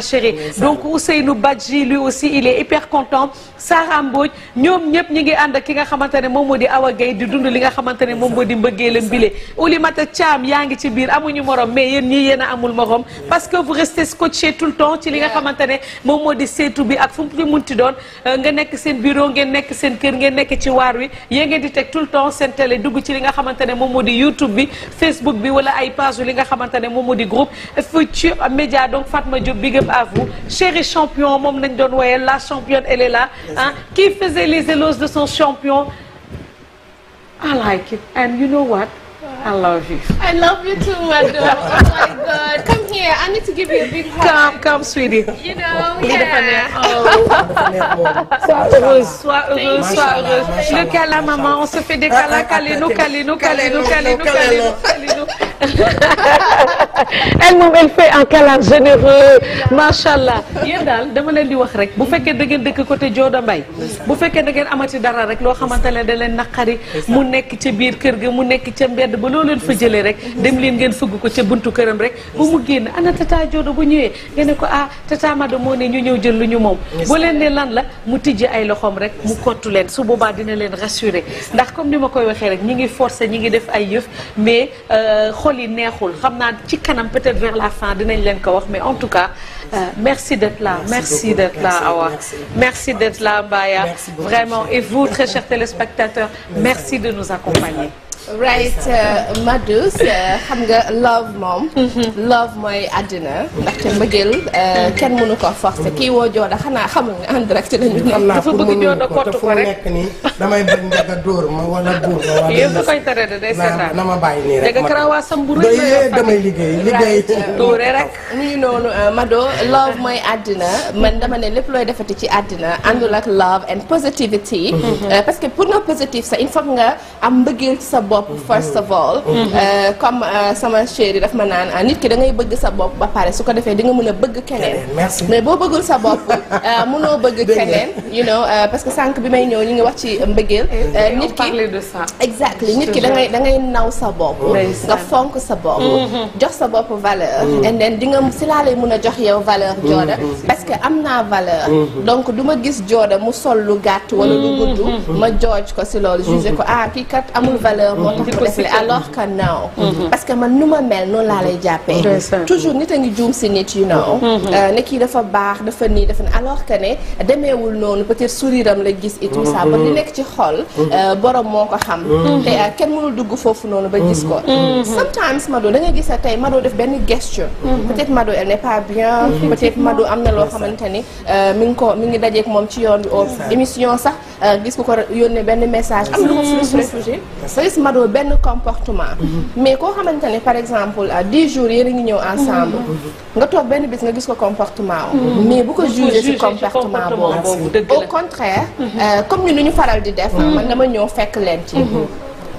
donc Ousseynou Badji lui aussi il est hyper content Sarah Mbodj ñoom ñëpp ñi ngi ànd ki nga xamante ne moom moo di Awa gay di dund li nga xamante ne moom moo di mbëggee leen bile Oulimata Thiam yaa ngi ci biir amuñu morom mais yéen ñi yéen amul morom parce que vous restez scotché touché tout le temps ci li nga xamante ne moom moo di seetu bi ak fu mu munti doon euh, nga nekk seen bureau ngeen nekk seen kër ngeen nekk ci waar wi yee ngeen di teg tout le temps seen télé dugg ci li nga xamante ne moom moo di YouTube bi Facebook bi wala ay page li nga xamante ne moom moo di groupe Futurs Médias donc Fatma Diop big up à vous champion moom nañ doon woyee la championne elle est là ah qui faisait de son champion I like it and you know what I love you. I love I'm here. I need to give you a big hug. Come, come, sweetie. You know, yeah. Oh. Sois heureuse, sois heureuse, sois heureuse. Le câlin, maman, on se fait des ah, câlins, ah, ah, câlinou, câlinou, câlinou, câlinou, câlinou, câlinou. elle moom elle fait un câlin généreux macha allah yéen daal dama leen di wax rek bu fekkee da ngeen dëkk côté Jooda Mbay bu fekkee da ngeen amati dara rek loo xamante ne da leen naqari mu nekk ca biir kër ga mu nekk ca mbedd ba loo leen fa jëlee rek dem leen ngeen fugg ko ca buntu këram rek ba mu génn ana tata Jooda bu ñëwee nga ne ko ah tata Mado moo ne ñu ñëw jël lu ñu moom boo leen ne lan la mu tijji ay loxoom rek mu kottu leen su boobaa dina leen rassurer ndax comme ni ma koy waxee rek ñi ngi forcer ñi ngi def ay yëf mais euh, xol yi neexul xam naa ci kanam peut-être vers la fin dinañ leen ko wax mais en tout cas euh, merci de la merci de là Awa merci d'être là Mbaya vraiment et vous très chers téléspectateurs merci de nous accompagner right uh, Madou uh, xam nga love moom love mooy àddina ndaxte mbëggeel uh, kenn mënu ko forcer kii woo jooda xanaa xamul en direct ko rek nii damay bëgg njaga dóor da koy tere da day seetaan na ma bàyyi nii rek daga karawa sam bu rëy damay liggéey liggéey dóore rek mu ngi noonu Mado mooy àddina man dama ne lépp looy defati ci àddina àndul ak love and positivity mm-hmm. nga am mbëggeel ci sa bopp bopp first of all mhm. euh, comme euh, sama chéri daf ma naan ah, nit ki da ngay bëgg sa bopp ba pare su ko defee di nga mën a bëgg keneen mais boo bëggul sa bopp euh, mënoo bëgg keneen parce que sànq bi may ñëw ñu ngi wax ci mbëggeel nit ki exactly nit ki da ngay da ngay naw sa bopp nga fonk sa bopp mhm. jox sa bopp valeur mhm. and then di nga si laa lay mun a jox yow valeur jooda parce que am naa valeur donc du ma gis jooda mu sol lu gàtt wala lu gudd ma jooj ko si loolu jugé ko ah, kii kat amul moo tax ko def que mhm. parce que man nu ma mel noonu laa lay jàppee. toujours nit a ngi juum si nit you know. Mhm. Euh, ne kii dafa baax dafa nii dafa alors que ne demeewul noonu peut-être sourire am la gis it tout ça mhm. ba nekk ci xol. Euh, borom moo ko xam. te euh, kenn mënul dugg foofu noonu ba gis ko. sometimes Mado da nga gis a tey Mado def benn gesture. peut-être Mado elle pas bien. peut-être Mado am na loo xamante ni mi ngi ko mi ngi dajeeg moom ci yoon bi. émission sax gis ko ko yónnee benn message. am jaaroo benn comportement mhm. mais koo xamante ne par exemple à dix jours a ngi ñëw ensemble mhm. nga toog benn bis nga gis ko comportement mhm. mais bu ko jugé ci comportement boobu au contraire euh, comme ni lu ñu faral di def man dama ñëw fekk leen ci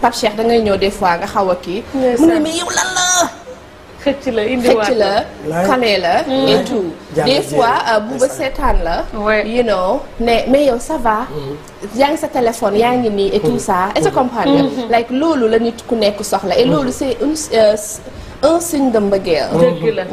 Pape Cheikh da ngay ñëw des fois nga xaw a kii mu ne mais yow lan la xëcc la indiwaat la kale la. Mm. Euh, bu ba seetaan la. you know yow ça mm-hmm. yaa ngi sa téléphone yaa ngi nii et tout mm-hmm. ça. est-ce mm-hmm. loolu la nit ku nekk soxla et loolu c'est euh, un signe de mbëggeel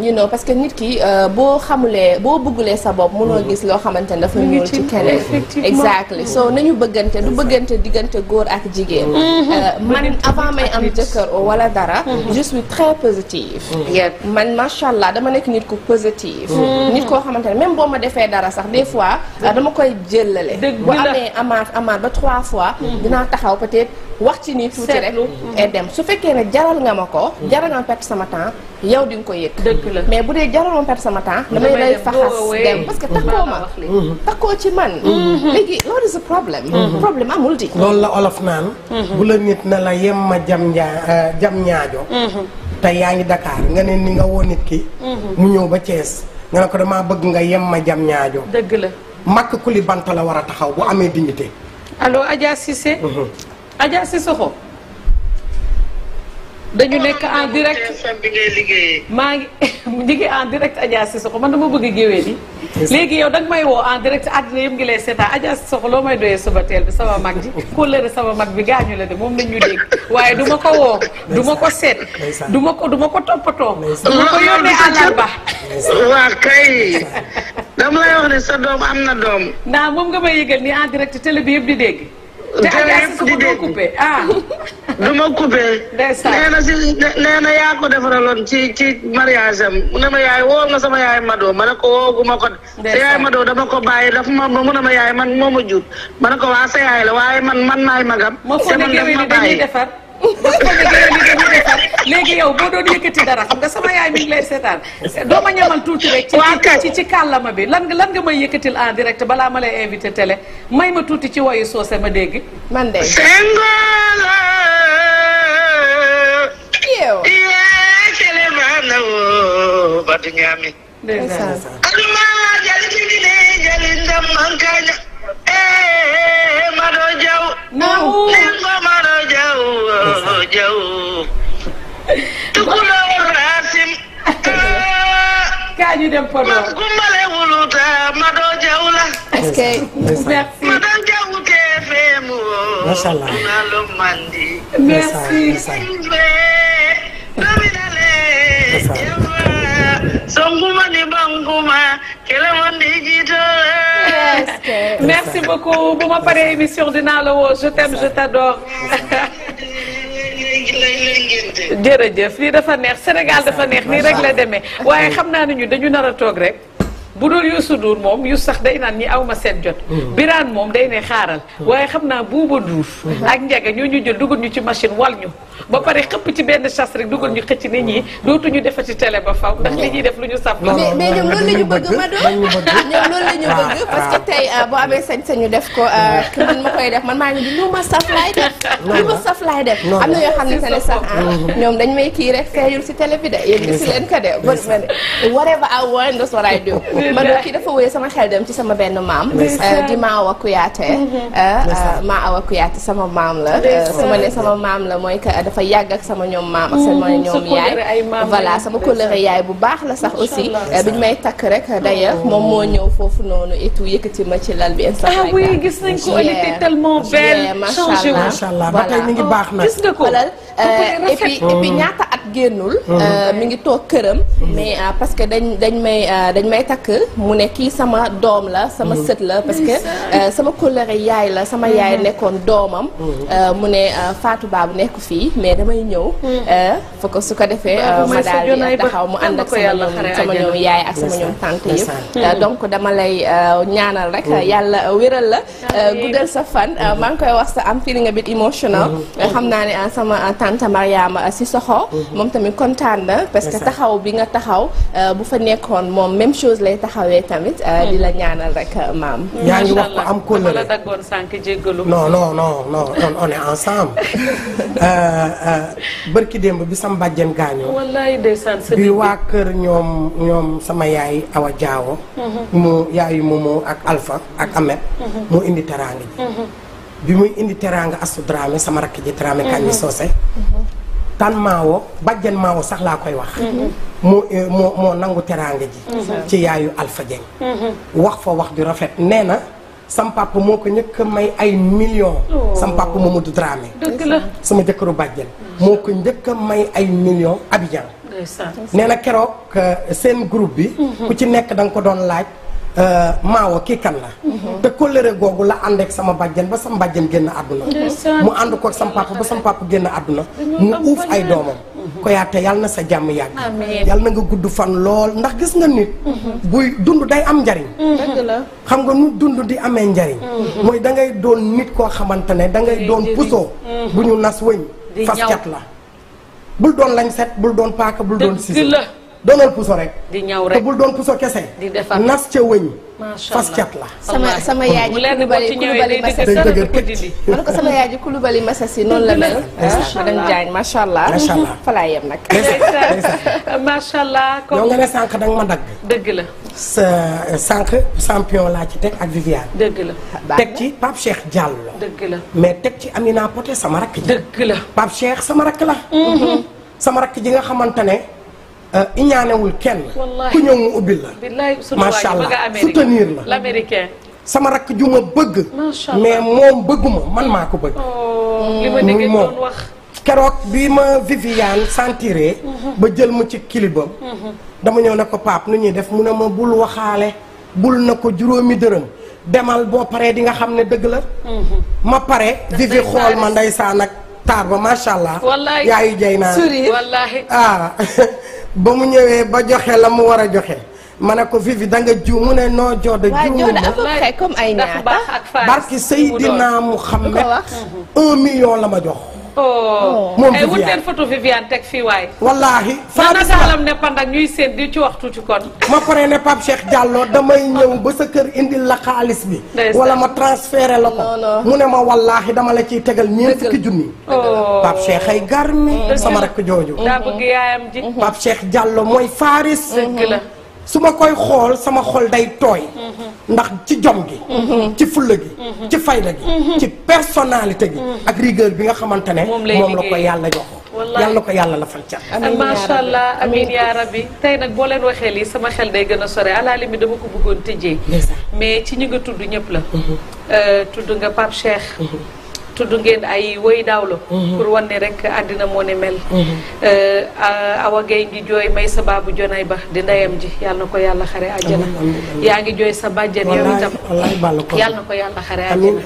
you know parce que nit ki euh, boo xamulee boo bëggulee sa bopp mënoo gis loo xamante ne dafa ñuul ci keneen exactly so nañu bëggante du bëggante diggante góor ak jigéen euh, man avant may am jëkkër wala dara mm-hmm. je suis très positive mm-hmm. man macha allah dama nekk nit ku positive mm-hmm. nit koo xamante ne même boo ma defee dara sax des fois dama koy jëllale bu amee amaat amaat ba trois fois dinaa taxaw peut wax ci ni tuuti rek mm-hmm. et dem su fekkee ne jaral nga ma ko jaral nga ma perte sama temps yow di nga ko yëg mais bu dee jaral ma perte sama temps damay lay faxas dem parce que mm-hmm. takkoo ma mm-hmm. takkoo ci man léegi loolu is a problème problème amul di loolu la olof naan bu la nit na la yem ma jam njaa euh, jam ñaajo te yaa ngi Dakar nga ne ni nga woo nit ki mu ñëw ba cees nga ne ko dama bëgg nga yem ma jam ñaajo dëgg la makk kuli bant la war a taxaw bu amee dignité allo Adja Cissokho dañu nekk en direct maa ngi ñu ngi en direct Adja Cissokho man dama bëgg géwél yi léegi yow danga may woo en direct àddina yëpp ngi lay seetaan Adja Cissokho loo may doyee suba teel bi sama mag ji kóllëre sama mag bi gaañu la de moom lañ ñu dégg waaye du ma ko woo du ma ko seet du ma ko du ma ko toppatoo du ma ko yónnee àllarba waa kay dama lay wax sa doom am na doom ndaa moom nga may yëgal ni en direct télé bi yëpp di dégg te di dégg coupé ah. du ma coupé. nee na si nee na yaa ko defaraloon ci ci mariage am mu ne ma yaay woo nga sama yaay Mado ma ne ko woogu ma ko. sa yaay Mado dama ko bàyyi dafa ma mu ne ma yaay man moom ma jur ma ne ko waa sa yaay la waaye man man naay magam. ma foo nekkee dañuy defar. léegi yow boo doon yëkkati dara xam nga sama yaay mi ngi lay seetaan doo ma ñamal tuuti rek. ci ci kàllama bi lan lan nga may yëkkatil en direct balaa ma lay invité tele may ma tuuti ci woyu soose ma dégg. man de. yow. ndeysaan. Mado Jaw. Naamu leen ko Mado Jaw Jaw. Tukulóor Racim. kaa ñu dem Podor. mas gumbale wuluta Mado Jaw la. est-ce que merci. Mado Jaw TFM. macha allah. merci. merci. merci beaucoup bu ma paree émission dinaa la woo je t'aime je t'adore. jërëjëf lii dafa neex Sénégal dafa neex nii rek la demee waaye xam naa ne ñu dañu nar a toog rek. bu dul Youssou Ndour moom yu sax day naan ñi aw ma seen jot. Birane moom day ne xaaral. waaye xam naa Bouba Ndour. ak Ndiaga ñoo ñu jël dugub ñu ci machine wal ñu. ba pare xëpp ci benn chasse rek dugal ñu xëcc nit ñi dootuñu defati ci télé ba faw ndax li ñuy def lu ñu saf la mais ñoom loolu la ñu bëgg Mado ñoom ah. ah, boo amee sañ-sañu def ko ah, man ma def ma saf laay def lu def am na yoo mm-hmm. dañ may kii rek si télé de yéen gis leen ko de bon ma ne kii dafa wéy sama xel dem ci sama benn maam di maa awa kuyaate mm-hmm. maa awa kuyaate la su ma ne la mooy que dafa yàgg ak sama ñoom maam ak sama mhm. ñoom yaay voilà sama kóllëre yaay bu baax la sax aussi euh, bi biñ may takk rek d'ailleurs moom moo ñëw foofu noonu et tout yëkkati ma ci lal bi instant ah gis nañ ko elle était tellement belle changée macha allah ba tey mi ngi baax nag oh, Euh, et puis et puis ñaata at génnul mm. euh, mi ngi toog këram mais euh, parce que dañ dañ may dañ may takk mu ne kii sama doom la sama mm. sët la parce que sama kóllëre yaay la sama yaay mm. nekkoon doomam mu ne Fatou Babou nekku fii mais damay ñëw fa ko su ko defee ma daal di taxaw mu ànd ak sama ñoom sama ñoom yaay ak sama ñoom tante yëpp donc dama lay ñaanal rek yàlla wéral la guddal sa fan maa ngi koy wax sa am feeling a bit emotional xam naa ne sama tante Mariama Sissoko mhm. moom tamit kontaan na parce que taxaw bi nga taxaw euh, bu fa nekkoon moom même chose lay taxawee tamit euh, di la ñaanal rek euh, maam yaa ensemble bërki démb bi sam bàjjen gaañoo bi waa kër ñoom sama yaay Awa Jaawo mhm. mu yaayu Momo ak Alpha ak Amet mhm. mu indi teraanga ji bi muy indi teraanga astu Dramé sama rakk ji Dramé mhm. Kandji Socé mhm. tan maawo bàjjen maawo sax laa koy wax mhm. eh, moo moo nangu teraanga ji ci yaayu Alpha Dieng wax fa wax ju rafet nee na sam papa moo ko njëkk may ay million oh. sam papa Mamadou Dramé dëgg la sama jëkkëru bàjjen moo ko njëkk a may ay million Abidjan nee na keroog eh, seen groupe bi ku ci nekk da nga ko doon laaj Euh, maawo kii kan la mhm. te kóllëre googu la ànd ak sama bàjjan ba sama bàjjen génn àdduna mu ànd ko ak sama papa ba sama papa génn àdduna mu uuf ay doomam mhm. Koyaate yàlla na sa jàmm yàgg yàlla na nga gudd fan lool ndax gis nga nit mhm. buy dund day am njariñ xam nga nu dund di amee njariñ mooy da ngay doon nit koo xamante ne da ngay doon puso bu ñu nas wëñ fas cat la bul doon lañ set bul doon paaka bul doon siis doonal puso rek. di ñaw rek te bul doon puso kese. di defar nas ca wëñ. fas la. sama sama yaay ji kulubali kulubali masasi day dëgër tëj. man ko sama yaay ji kulubali masasi noonu la mel. macha allah madame Diagne macha nag. macha allah. yow sànq da nga ma dagg. dëgg la. sa eh, sànq champion laa ci teg ak Viviane. dëgg la teg ci Pape Cheikh Diallo. dëgg la mais teg ci Amina Poté sama rakk ji. dëgg la Pape Cheikh sama rakk la. Mm-hmm. sama rakk ji nga xamante ne. Euh, iñaanewul kenn ku ñëw mu ubbil la macha allah soutenir la l'américain sama rakk ju ma bëgg mais moom bëgguma man maa ko bëgg oh, li ma moom keroog bi ma Viviane sentiré mhm. ba jël ma ci kilibam mhm. dama ñëw ne ko paap nu ñuy def mu ne ma bul waxaale bul na ko juróomi dërëm demal boo paree di nga xam ne dëgg la mhm. ma pare Vivi xool ma ndeysaan ak taar ba macha allah yaayu jay naa ah ba mu ñëwee ba joxe la mu war a joxe ma ne ko Fifi da nga jiw mu ne noo jooda jiw barki mu Muhammad mhm. un million la ma jox Oh. moom eh, Viviane wut leen teg fii waay. wallaahi Fatou Seye ne pandak ñuy seen di ci wax tuuti kon. ma fare ne Pape Cheikh Diallo damay ñëw ba sa kër indil la xaalis bi. wala ma transféré la ko. mu ne ma wallaahi dama la ciy tegal ñeent fukki junni. Oh. Pape Cheikh ay garmi sama rakk jooju. daa bëgg yaayam ji. Pape Cheikh mooy Faris. dëgg su ma koy xool sama xol day tooy mm-hmm. ndax ci jom gi mm-hmm. ci fulla gi mm-hmm. ci fayda gi ci personnalité gi ak rigueur bi nga xamante ne moom la ko yàlla jox yàlla ko yàlla la fal cat macha allah amin yaa rabbi tey nag boo leen waxee lii sama xel day gën a sore à la limite dama ko bëggoon tëjee mais ci ñi nga tudd ñëpp la euh, tudd nga Pape Cheikh tudd ngeen ay woy daawlo mhm. pour wan rek àddina moo ne mel mhm. euh, awa ngi jooy may sa baabu jonay ba di ndeyam ji yàlla na ko yàlla xare àjjana yaa ngi jooy sa bàjjen yow itam yàlla ko yàlla xare àjjana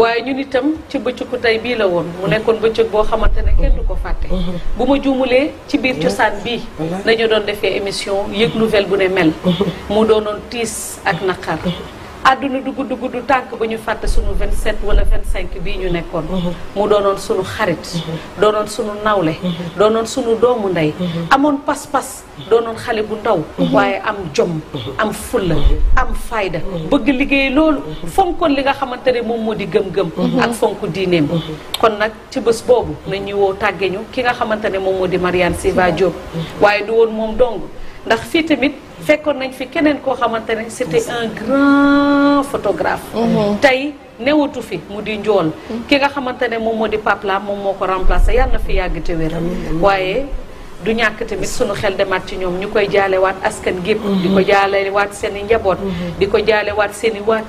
waaye ñun itam ci bëccëgu tey bii la woon mu nekkoon bëccëg boo xamante ne kenn du ko fàtte mhm. bu ma jumalee ci biir cosaan bii nañu doon defee émission yëg nouvelle bu ne mel mu doonoon tiis ak naqar àdduna du gudd gudd tànk ba ñu suñu vingt sunu 27 wala 25 bii ñu nekkoon. Mhm. mu doonoon sunu xarit. Mhm. doonoon sunu nawle. Mhm. doonoon sunu doomu ndey. amoon pas-pas doonoon xale bu ndaw. waaye am jom am fulla am fayda bëgg liggéey loolu fonkoon li nga xamante ne moom moo di gëm-gëm. ak fonk diineem. kon nag ci bës boobu nañu woo tàggeñu ki nga xamante ne moom moo di Mariane Siva Diop waaye du woon moom dong ndax fii tamit. fekkoon nañ fi keneen koo xamante ne c'était un grand photographe mhm. tey newutu fi mu di njool mhm. ki nga xamante ne moom moo di Pape moom moo ko remplacé yàlla na fi yàgg te waaye du ñàkk tamit sunu xel demaat ci ñoom ñu koy jaalewaat askan gépp di ko jaalewaat seen i njaboot mhm. di ko jaalewaat seen i waa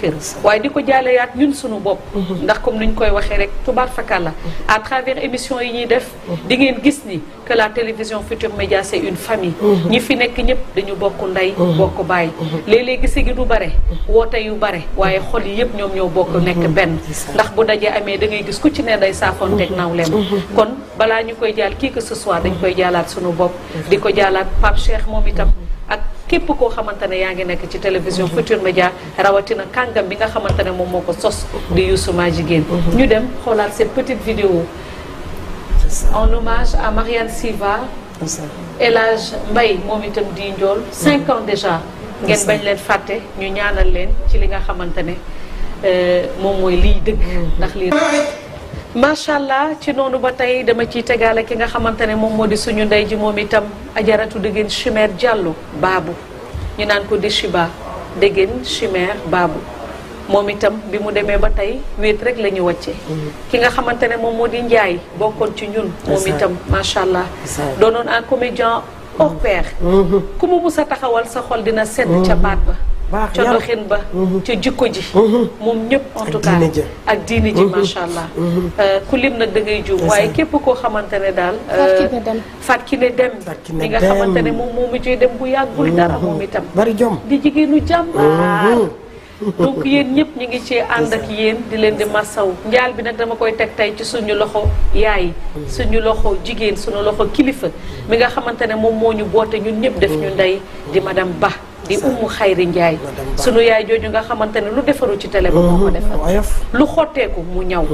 waaye di ko jaalewaat ñun suñu bopp mhm. ndax comme ni ñu koy waxee rek tubaar fakal la mhm. à travers émission yi ñuy def di ngeen gis ni que la télévision Futurs Médias c'est une famille ñi fi nekk ñëpp dañu bokk ndey bokk bàyyi léeg-léeg gise gi du bare woote yu bare waaye xol yi yëpp ñoom ñoo bokk nekk benn ndax bu dajee amee da ngay gis ku ci ne day saafoon teg naw leen kon balaa ñu koy jaal kii que ce koy jaalaat sunu bopp di ko jaalaat Pape Cheikh moom itam ak képp koo xamante ne yaa ngi nekk ci télévision Futurs Médias rawatina kàngam bi nga xamante ne moom moo ko sos di Youssou Ma Jigéen ñu dem xoolaat cette petite vidéo en hommage à Marianne Siva El Hadj moom itam di njool cinq ans déjà ngeen bañ leen fàtte ñu ñaanal leen ci li nga xamante ne euh, moom mooy liy dëgg ndax lii macha allah ci noonu ba tey dama ciy tegaale ki nga xamante ne moom moo di suñu ndey ji moom itam ajaratu dëggeen chimère Diallo baabu ñu naan ko di Chiba dëggeen chimère baabu moom itam bi mu demee ba tey wéet rek la ñu wàcce mm-hmm. ki nga xamante ne moom moo di Njaay bokkoon ci ñun moom itam macha allah doonoon un comédien hors pair mm-hmm. ku mu musa taxawal sa xol dina sedd mm-hmm. ca baat ba baax ca doxin ba mhm. ca jikko ji mhm. moom ñëpp en tout cas ak diine ji mhm. macha allah euh, ku lim nag da ngay waaye képp koo xamante ne daal Fatou Kiné Dème mi nga xamante ne moom moo mujjee dem bu yàggul dara moom itam bari jom di jigéenu jàmbaar yéen ñëpp ñu ngi ci ànd yéen di leen di masaw njaal bi nag dama koy teg tey ci suñu loxo yaay suñu loxo jigéen suñu loxo kilifa mi nga xamante ne moom moo ñu boote ñun ñëpp def ñu ndey di madame Ba di umu xayri njaay sunu yaay jooju nga xamante ne lu defaru ci télé ba moo ko mm-hmm. defar lu xotteeku mu ñaw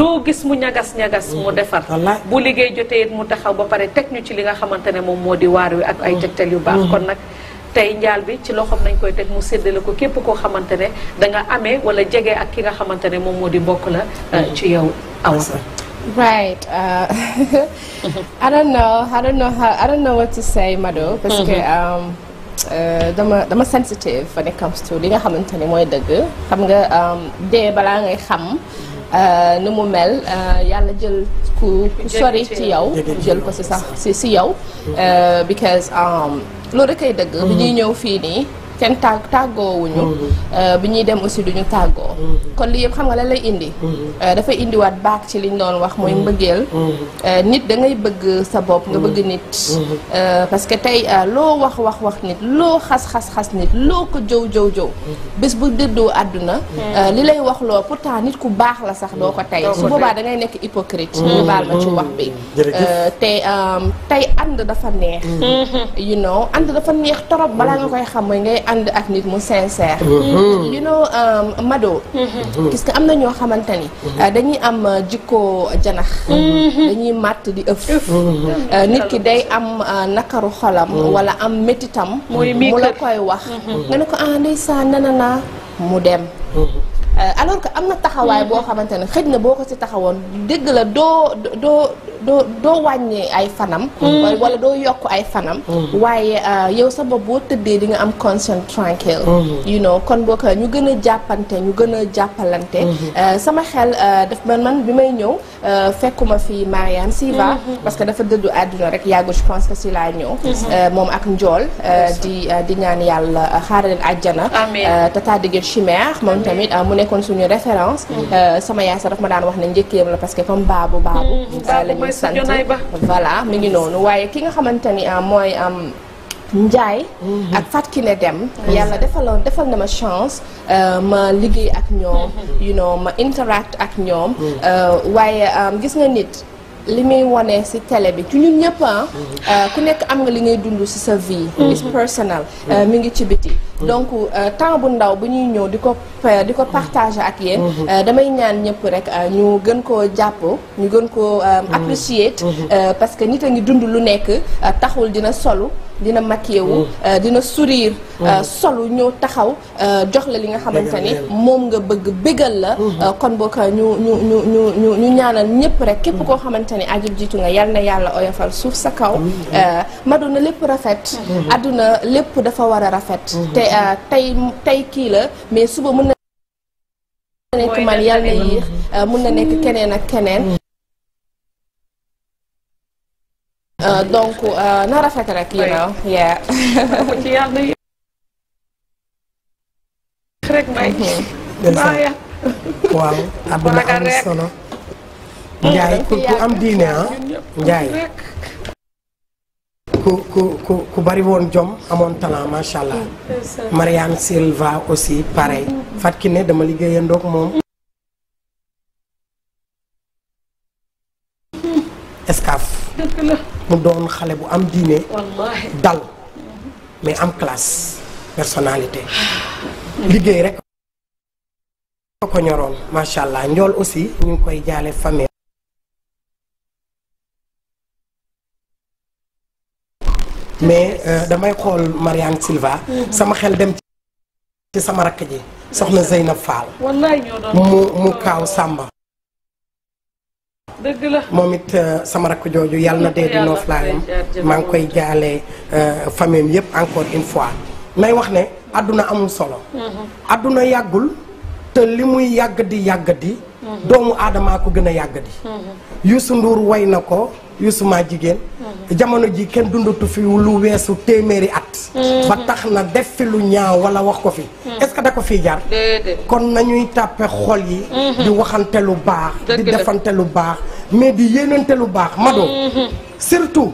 loo gis mu ñagas-ñagas mu mm-hmm. defar bu liggéey jotee mu taxaw ba pare teg ñu ci li nga xamante ne moom moo di waar wi ak ay mm-hmm. tegtal yu baax kon nag tey njaal bi ci loxoom nañ koy teg mu séddale ko képp koo xamante ne danga ame wala jege ak ki nga xamante ne moom moo di mbokk la uh, ci yow awa Right. Uh, I don't know. I don't know how. I don't know what Mado, Euh, dama dama sensitive when it comes to li nga xamante ni mooy dëgg xam nga um, dee balaa ngay xam euh, nu mu mel euh, yàlla jël ku ku sori ci yow jël ko si sax si si yow because um, loolu rekk ay dëgg mm-hmm. bi ñuy ñëw fii nii kenn tàgg tàggoowuñu mmh. euh, bi ñuy dem aussi duñu tàggoo mmh. kon li yëpp xam nga lan lay indi mmh. euh, dafa indiwaat baak ci liñ doon wax mooy mbëggeel euh, nit da ngay bëgg sa bopp nga bëgg nit parce que tey loo wax wax wax nit loo xas-xas-xas nit loo ko jëw jëw jëw bés bu dëddoo àdduna li lay wax loo pourtant nit ku baax la sax doo ko tey su boobaa da ngay nekk hypocrite ñu baal ma ci wax bi tey ànd dafa neex you know ànd dafa neex torop balaa nga koy xam mooy ngay ànd ak nit mu sincère. you know um, Mado. parce am na ñoo xamante ni. Uh, dañuy am uh, jikko janax. dañuy màtt di ëf. Uh, nit ki day am nakaru xolam. wala am métitam. mu la koy wax. nga ne ko ah ndeysaan nanana mu dem. alors que am na taxawaay boo xamante ne xëj na boo ko ci taxawoon dëgg la doo doo. doo doo wàññi ay fanam. Mm. wala doo yokk ay fanam. Mm. waaye euh, yow sa bopp boo tëddee di nga am conscience tranquille. Mm. you know kon boo ko ñu gën a jàppante ñu gën a jàppalante. Mm-hmm. Euh, sama xel euh, daf man man bi may ñëw fekkuma fi Marianne Siva. Mm-hmm. parce que dafa dëddu àdduna rek yàggul je pense que si laa ñëw. Mm-hmm. moom ak njool di di ñaan yàlla xaaral leen àjjana. amiin Tata Diguette Chimère moom tamit mu nekkoon suñu référence. sama yaay sax daf ma daan wax ne njëkkeem la parce que comme baabu baabu. sa sant voilà mi ngi noonu waaye ki nga xamante ni ah, mooy am Njaay mhm. ak Fatou Kiné Deme mhm. yàlla defaloon defal na ma chance euh, ma liggéey ak ñoom mhm. you know ma interact ak ñoom euh, waaye gis nga nit li muy wone ci tele bi ci ñun ñëpp ah, euh, ku nekk am nga li ngay dund ci sa vie is personal mi ngi ci biti donc euh, temps bu ndaw bu ñuy ñëw di ko euh, di ko partager ak yéen. Mhm. Euh, damay ñaan ñëpp rek ñu gën koo jàpp ñu gën koo mhm. apprécier. Mhm. parce que nit a ngi dund lu nekk taxul dina solu dina maquillewu dina sourire. solu ñëw taxaw jox la li nga xamante ni moom nga bëgg bégal la. kon boog ñu ñu ñu ñu ñu ñu ñaanal ñëpp rek. képp koo xamante ni ajib jiitu nga yal na yàlla oyofal suuf sa kaw. maduna lépp rafet. adduna lépp dafa war a rafet. tey tey kii la mais suba mën na nekk man euh, euh, euh, yàlla na yéex mën keneen ak keneen donc rafet rek solo njaay ku am diine ah njaay ku ku ku bari woon jom amoon talent macha allah. Marianne Silva aussi pareil. ki ne dama liggéeyandoo ak moom. escaf. mu doon xale bu am diine. dal mais am classe personnalité. liggéey rek. ko ñoroon macha allah njool aussi ñu koy jaale famille. mais euh, damay xool Marianne Silva. sama xel dem ci sama rakk ji soxna Zeynab Fall. wallaay ñoo mu mu Kaaw sàmba moom it euh, sama rakk jooju yàlla na dee di nooflaayam maa ngi koy jaale euh, famille yépp encore une fois may wax ne àdduna amul solo mm-hmm. àdduna yàggul te li muy yàgg di yàgg mm-hmm. doomu aadamaa ko gën a yàgg di mm-hmm. Youssou Ndour na ko yusuma jigéen mm. jamono ji kenn dundatu fi lu weesu téeméeri at mm. ba tax na def fi lu ñaaw wala wax ko fi mm. est-ce que da ko fii jar kon nañuy tàppe xol yi mm-hmm. di waxante lu baax di defante lu baax mais di yéenante lu baax Mado mm-hmm. surtout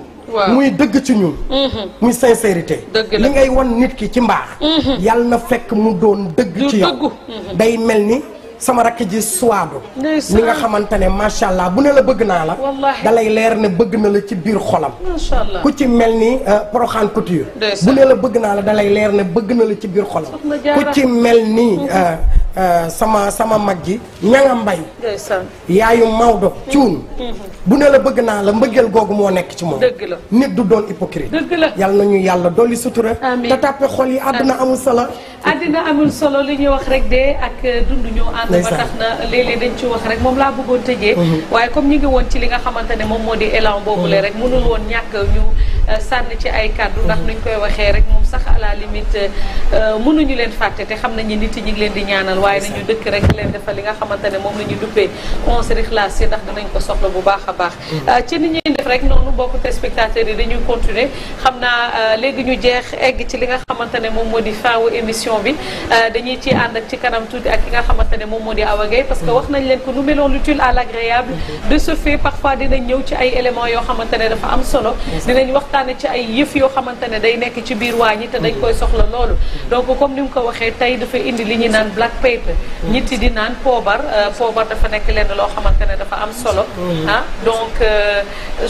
muy dëgg ci ñun mm-hmm. muy sincérité li ngay won nit ki ci mbaax yàlla na fekk mu doon dëgg ci yow day mel ni sama rakk ji suwaadu mi nga xamante ne macha allah euh, bu ne la bëgg naa la dalay leer ne bëgg na la ci biir xolam ku ci mel ni Porokhane Couture bu ne la bëgg naa la dalay leer ne bëgg na la ci biir xolam ku ci mel nii Euh, sama sama mag ji ñanga mbay yaayu Maodo cuun mm-hmm. bu ne la bëgg naa la mbëggeel googu moo nekk ci moom nit du doon hypocrite yàlla nañu yàlla dolli sutura te tàppe xol yi àddina amul solo àddina amul solo li ñuy wax rek de ak dund ñoo ànd ba tax na léeg-léeg dañ ci wax rek moom laa bëggoon tëjee mm-hmm. waaye comme ñu ngi woon ci li nga xamante ne moom moo di élan boobu la mm-hmm. rek mënul woon ñàkk ñu euh, sànn ci ay kàddu ndax nuñ koy waxee rek moom sax à la limite euh, mënuñu leen fàtte xam nañu nit ñi ngi leen di waaye nañu dëkk rek leen defal li nga xamante moom la ñu duppee conseils classé ndax dinañ ko soxla bu baax a baax mm. euh, ci ni ñuy def rek noonu bokk te spectateurs yi dañuy euh, ci li nga xamante ne moom moo di faawu émission bi euh, dañuy ci ànd ak ci kanam tuuti ak ki nga xamante ne moom moo di Awa Gueye parce que mm. wax nañ leen ko nous mêlons l'utile à l'agréable mm. de ce fait parfois dinañ ñëw ci ay éléments yoo xamante ne dafa am solo dinañ waxtaane ci ay yëf yoo xamante ne day nekk ci biir waañ yi te dañ koy soxla loolu donc comme ni paper nit yi di naan poobar euh, poobar dafa nekk lenn loo xamante ne dafa am solo mm. ah donc euh,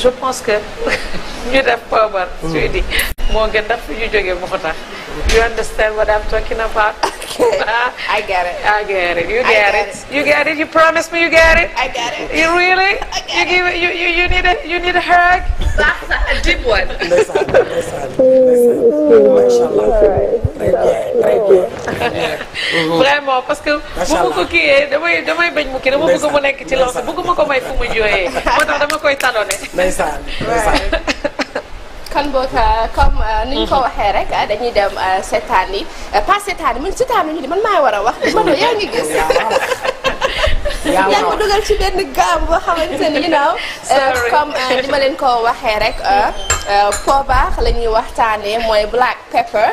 je pense que ñu def poobar suy mm. di moo gën daf ñu jóge moo tax you understand what I'm talking about okay. Ah. I get it I get it you get it you get it you promise me you get it I get it you really you give you you need a you need a hug sax sax a deep one vraiment parce que bu ma ko kiiyee eh, damay damay bañ mu kii dama bëgg mu nekk ci lancé bëgguma ko may fu mu jooyee moo tax dama koy talone ndeysaan kon boog euh, comme euh, ni ñu ko waxee rek euh, dañuy dem seetaan yi pas seetaan yi man seetaan yi man maay war a wax man yaa ngi gis yaa ngi ko dugal ci benn gaam boo xamante ni naaw euh, comme euh, ni ma leen ko waxee rek euh, poobar la ñuy waxtaanee mooy black pepper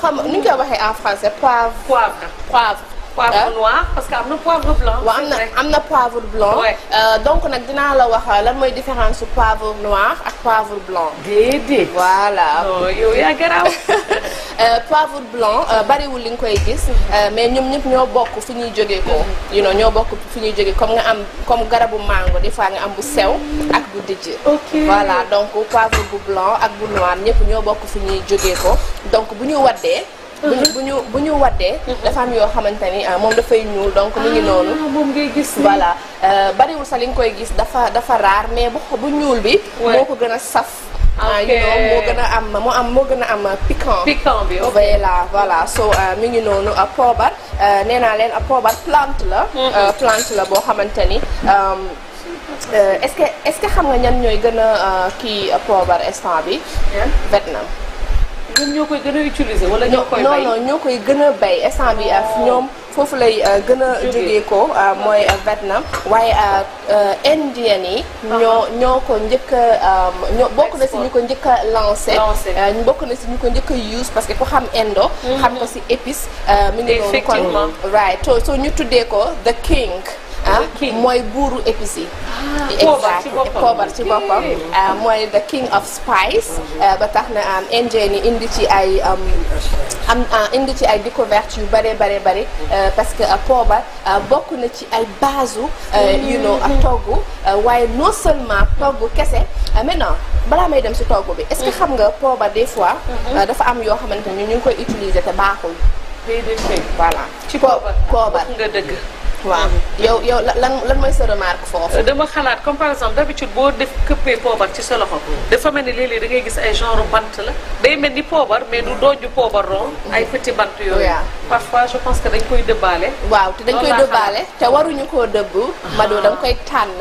xam nu ñu koy waxee en français poivre poivre poivre noir parce que am na poivre blanc. am na am na poivre blanc. Euh, donc nag dinaa la wax euh, lan mooy différence su poivre noir ak poivre blanc. déedéet. voilà yow yaa garaaw. Euh, poivre blanc bariwul li nga koy gis. mais ñoom ñëpp ñoo bokk fi ñuy jógee ko. you know ñoo bokk fi ñuy jógee comme nga am comme garabu mango des fois nga am bu sew ak bu dijj. voilà donc poivre bu blanc ak bu noir ñëpp ñoo bokk fi ñuy jógee ko donc bu ñu waddee. bu ñu bu ñu waddee mhm. dafa am yoo xamante ni ah, moom dafay ñuul donc mu ngi ah, noonu moom gis voilà euh, bariwul sa li nga koy gis dafa dafa raar mais bu bu ñuul bi moo ko gën a saf ah, ok moo gën a am moo gën a am piquant. piquant bi ok voilà voilà euh, mi ngi noonu poobar euh, nee naa leen poobar la. Mhm. plante la boo xamante ni. est-ce que est-ce xam nga ñan ñooy gën a kii poobar instant bi. Vietnam. ñoom ñoo koy gën a wala ñoo koy bay non non ñoo koy gën a bay instant bi euh, ñoom foofu lay euh, gën a jógee ko euh, mooy Vietnam waaye indienne yi ah. ñoo ñoo ko njëkk a bokk na si ñu ko njëkk a lancé bokk na si ñu ko njëkk a use parce que ku xam indo mm-hmm. xam ko si épice mi ngi noonu so ñu tuddee ko the king ah mooy buuru épices yi. Ah, exact poobar ci boppam ah, mooy the king of spice ah, ba tax na indien yi indi ci ay um, am indi ci ay découverte yu bare bare bare parce que poobar bokk na ci ay basu mm-hmm. you know ak waaye no seulement togg kese mais non balaa may dem si togg bi est-ce que mm-hmm. xam nga poobar des fois mm-hmm. dafa am yoo xamante ni ñu ngi koy utiliser te baaxul voilà ci poobar poobar waaw yow yow lan lan mooy sa remarque foofu. dama xalaat comme par exemple d'habitude boo def këppee poobar ci sa loxo. dafa mel ni léeg-léeg da ngay gis ay genre bant la day mel ni poobar mais du dooju poobar roon ay petit bant yooyu. parfois je pense que dañ koy dëbbaale. waaw te dañ koy dëbbaale te waruñu koo dëbb. Ah. Mado da nga koy euh, tànn.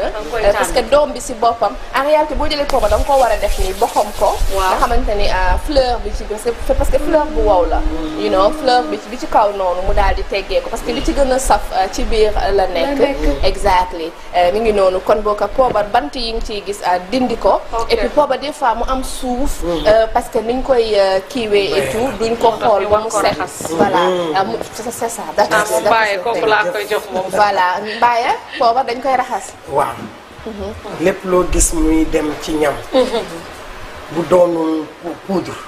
parce que doom bi si boppam en réalité boo jëlee poobar da nga koo war a def nii boxam ko. nga xamante ni euh, fleur bi ci parce que fleur bu wow la. Mm. you know fleur ci kaw noonu mu daal di teggee ko parce que li ci gën a saf euh, ci biir la nekk exactly euh, mi ngi noonu kon boo ko poobar bant yi ngi ciy gis euh, dindi ko et puis poobar des fois mu am suuf mm-hmm. euh, parce que niñ koy kiiwee et tout duñ ko xool ba mu set voilà mm-hmm. ah, c'est ça ah, mbaaye kooku laa koy jox moom voilà mbaaye poobar dañ koy raxas waaw mm-hmm. lépp loo gis muy dem ci ñam bu doonul poudre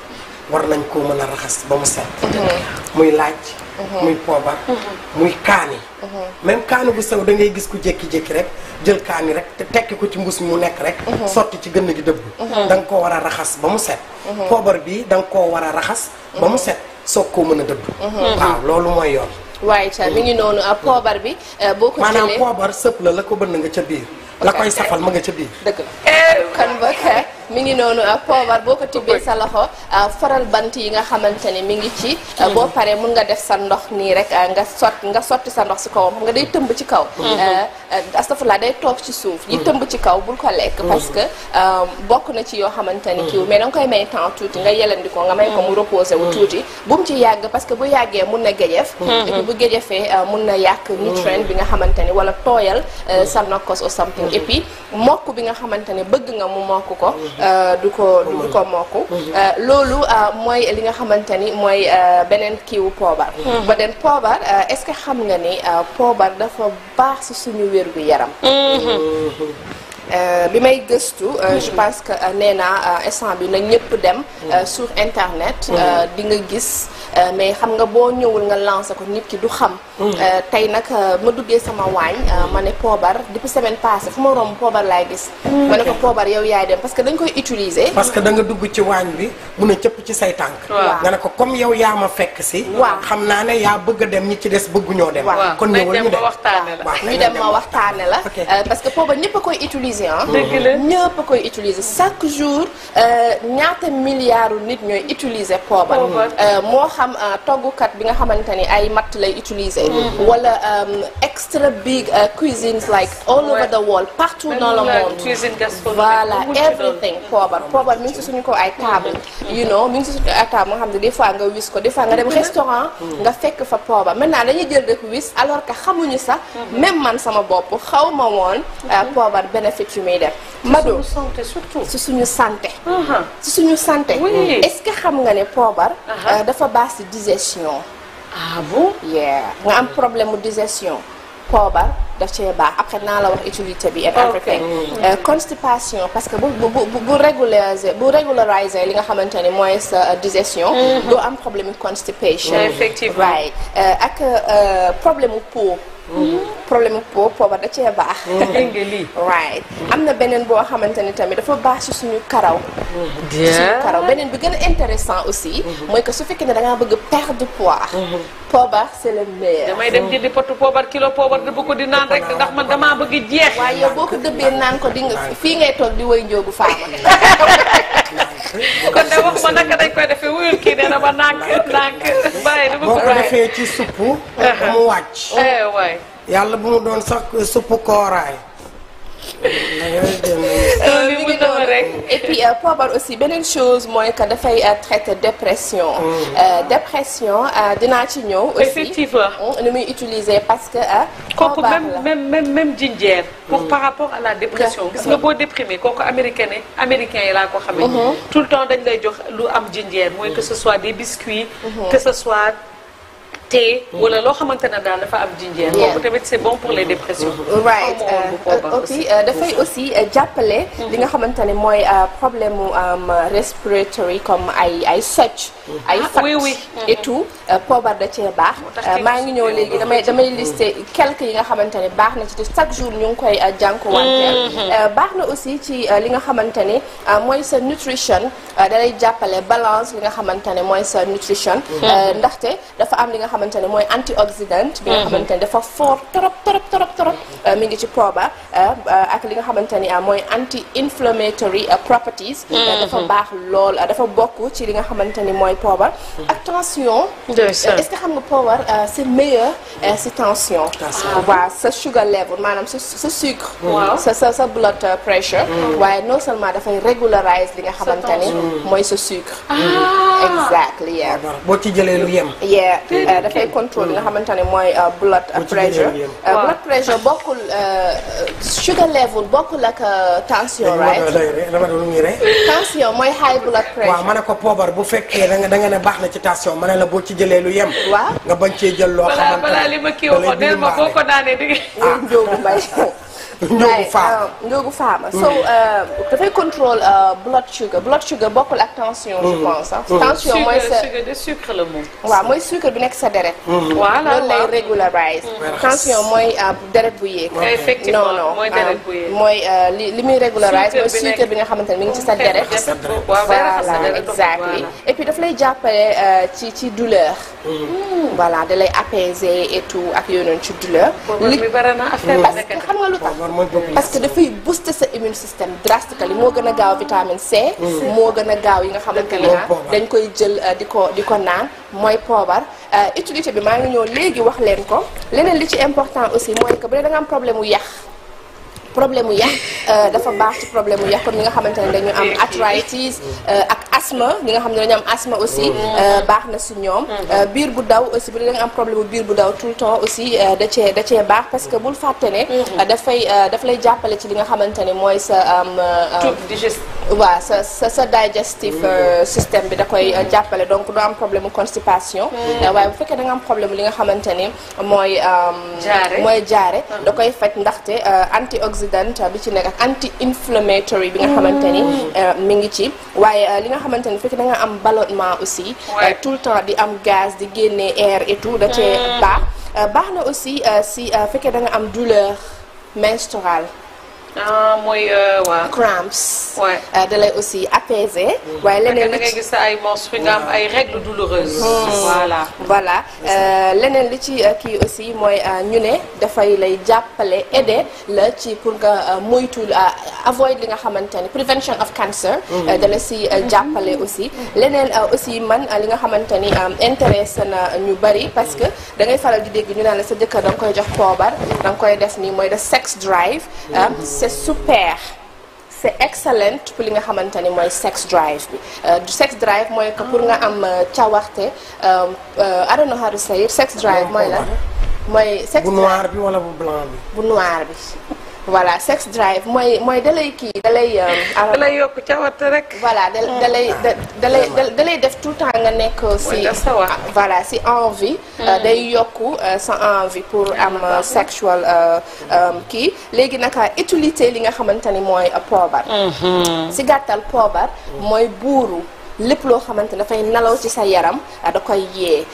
war nañ koo mën a raxas ba mu set. Mhm. muy laaj. Mhm. muy poobar. Mhm. muy kaani. même kaani bu sew da ngay gis ku jékki-jékki rek jël kaani rek te tekki ko ci mbuus mu nekk rek. sotti ci gën gi dëbb. da nga koo war a raxas ba mu set. poobar bi da nga koo war a raxas ba mu set soog koo mën a dëbb. waaw loolu mooy yoon. waaye ca mi ngi noonu ah, poobar bi eh, boo maanaam poobar sëpp la la ko bënn nga ca biir. la koy eh, safal ma nga ca biir. dëgg la eh, mi ngi noonu ah, poobar boo ko tibbee sa loxo ah, faral bant yi nga xamante ne mi ngi ci mm. ah, boo paree mun nga def sa ndox nii rek nga sot nga sotti sa ndox si kawam xam nga day tëmb ci kaw mm-hmm. astafurla day toog ci suuf yi mm-hmm. tëmb ci kaw bul ko lekk mm-hmm. parce que bokk na ci yoo xamante ni kiiw mais nga koy may temps tuuti nga yelandi ko nga may ko mu reposé wu tuuti bu mu ci yàgg parce que bu yàggee mun na géjef et puis bu géjefee mun na yàq nutrient bi nga xamante ni wala tooyal sa nokkos or something et puis mokk bi nga xamante ne bëgg nga mu mokk ko Euh, du ko du ko mokk euh, loolu euh, mooy li nga xamante ni mooy beneen kiiwu poobar mhm. ba den poobar est-ce que xam nga ni poobar dafa baax si suñu wér gu yaram mhm. mhm. Euh, bi may gëstu euh, je pense que euh, nee naa instant bi nag ñëpp dem mm. sur internet mm. di nga gis mais xam nga boo ñëwul nga lancé ko nit ki du xam mm. tey nag ma duggee sama waañ ma ne poobar depuis semaine passée fu ma romb poobar laay gis ma ne ko poobar yow yaay dem parce que dañ koy utiliser parce que da nga dugg ci waañ bi mun a cëpp ci say tànk nga ne ko comme yow yaa ma fekk si waaw xam naa ne yaa bëgg a dem ñi ci des bëgguñoo dem kon ñëwal ñu dem waaw ñu dem ma waxtaane la utiliser ah. ñëpp koy utiliser chaque jour euh, ñaata milliards nit ñooy utiliser poobar. Euh, moo xam euh, toggukat bi nga xamante ni ay matt lay utiliser. Mm. wala extra big cuisines like all over the world partout dans le monde. voilà everything poobar poobar mi ngi si suñu ko ay table. Mm-hmm. you know mi ngi si suñu ko ay table moo xam ne des fois nga wis ko des fois nga dem restaurant. Mm. nga fekk fa poobar maintenant dañuy jël rek wis alors que xamuñu sax. Mm-hmm. même man sama bopp xaw ma woon. Mm-hmm. poobar bénéfice. études yu muy def. mado santé surtout ci suñu santé. ci suñu santé. est-ce que xam nga ne poobar. Euh, dafa baax ci digestion. ah bon. nga am problème mu digestion. poobar daf cee baax après naa la wax utilité bi. et everything mm. euh, constipation parce que bu bu bu bu li nga xamante ni mooy sa euh, digestion. Mm-hmm. doo am problème constipation. effectivement right ak problème mu peau. Mm-hmm. problème boobu poobar da cee baax. Mm. dégg nga lii am na beneen boo xamante ni tamit dafa baax ci suñu karaw. Mm. ci suñu karaw beneen bi aussi. Mm-hmm. mooy que su fekkee ne da ngaa bëgg perdre poids. Mm-hmm. damay dem jëndi potu poobar kilo poobar dëbb ko di naan rek ndax man damaa bëgg jeex. waaye boo ko dëbbee naan ko di fii ngay toog di woy njóogu faama. kon de wax ma naka dañ koy defee wuyul kii nee na ma nànk nànk bàyyi dama ko ci supp mu wàcc. Eh, yàlla bu mu doon sax suppu kooraay. li mu doon rek et puis euh, poobar aussi beneen chose mooy que dafay euh, traiter dépression. Mm. Euh, dépression dinaa ci ñëw. aussi effectivement ni muy utiliser parce que. kooku même même même mm. pour par rapport à la dépression. gis nga boo déprimé kooku américain américain yi laa ko xamee. Mm-hmm. tout le temps dañ lay jox lu am jinjeer mooy que ce soit des biscuits. Mm-hmm. que ce soit. thé wala loo xamante ne daal dafa am jinjeer boobu tamit c'est bon pour les dépressions right euh, aussi euh, dafay aussi euh, jàppale mm-hmm. li nga xamante ne mooy problème respiratory comme ay ay socc mm-hmm. ay ah, fat mm-hmm. et tout poobar da cee baax maa ngi ñëw léegi damay damay listé quelques yi nga xamante ne baax na ci te jour ñu ngi koy jànkuwanteel baax na aussi ci li nga xamante ne mooy sa nutrition dalay jàppale balance li nga xamante ne mooy sa nutrition ndaxte dafa am li nga xamante xamante ne mooy antioxydant bi nga mhm. xamante ne dafa fort trop trop trop trop mhm. euh, mi ngi ci pooba euh, euh, ak li nga xamante ni ah, mooy anti inflammatory properties mhm. dafa baax lool dafa bokk ci li nga xamante ni mooy poobar ak tension est-ce que nga poobar c'est meilleur si tension ah, sa sugar maanaam sa sa sucre sa sa sa blood waaye non seulement dafay régulariser li nga xamante ni mooy sa sucre ah. exactly boo ci jëlee lu yem yeah dafay contrôle nga xamante ne mooy euh, blood pressure euh, blood pressure bokkul euh, sugar level bokkul ak tension right tension mooy high blood pressure waaw ma ne ko poobar bu fekkee da nga da nga ne baax na ci tension ma ne la boo ci jëlee lu yem waaw nga bañ cee jël loo xamante ne balaa li ma kii boo ko daanee di ngeen jóobu mbay Ndiogu Faama euh, Ndiogu Faama. so mm. euh, dafay contrôle euh, blood sugar blood bokkul ak tension. je mm-hmm. pense mm-hmm. tension mooy sa la moom. waaw mooy sucre bi nekk sa deret. Mm-hmm. voilà loolu lay régulariser. tension mooy deret bu yéeg. effectivement no deret mooy li li muy régulariser mooy sucre bi nga xamante ne mi ngi ci sa deret. voilà exactly et puis daf lay jàppale ci ci douleur. voilà da lay apaiser ak yooyu noonu ci douleur. li xam nga lu tax. parce que dafay booster sa immune système drastically moo gën a gaaw vitamine C. Mm. moo gën a gaaw yi nga xamante ne dañ koy jël euh, di ko di ko naan mooy poobar euh, utilité bi maa ngi ñëw léegi wax leen ko leneen li ci important aussi mooy que bu dee am problème wu yàq problème mu yax euh, dafa baax ci problème mu comme ñi nga xamante ne dañu am arthritis euh, ak asthme ñi nga xam ne dañu am asthme aussi mm. euh, baax na si ñoom mm. biir bu daw aussi bu dee da nga am problème bu biir bu daw tout le temps aussi da cee da cee baax parce que bul fàtte ne mm. dafay daf jàppale ci li nga xamante ne mooy sa waaw sa sa sa digestive système bi da koy jàppale donc du am problème mu constipation waaye bu fekkee da am problème li nga xamante ne mooy mooy jaare da koy faj ndaxte antioxydant bi ci nekk ak anti inflammatory bi nga mm. xamante ni euh, mi ngi ci waaye euh, li nga xamante ni fekk da nga am ballonnement aussi euh, tout le temps di am gaz di génne air et tout da cee mm. baax baax na aussi si fekkee da nga am douleur menstruelle ah mooy euh, waaw. cramps. waay ah, da aussi apaiser. waaye leneen li ci da ngay ay mors fi nga am ay règles douloureuses. Hmm. voilà voilà euh, leneen li ci euh, kii aussi mooy ñu ne dafay lay jàppale aider la ci pour nga moytu avoid li nga xamante ne prevention of cancer. Hmm. da la si jàppale aussi. leneen aussi man li nga xamante ni intéressé na ñu bari parce que da ngay faral di dégg ñu naan la sa jëkkër da nga koy jox poobar da koy def nii mooy def sex drive. c'est super c'est excellent pour li nga xamante ni mooy sex drive bi euh, sex drive mooy que pour nga am euh, cawarte euh, I don't know how to drive mooy lan mooy sex bu noir bi wala bu blanc bi bu noir bi voilà sex drive mooy mooy dalay kii dalay. Euh, dalay yokk cawarte rek. voilà dalay def tout le temps nga nekk si. voilà si envie. Euh, hmm. day yokk euh, sa envie pour am sexual kii léegi naka utilité li nga xamante ni mooy poobar. Hmm. si gàttal poobar mooy buuru. lépp loo xamante dafay nelaw ci sa yaram da koy yee.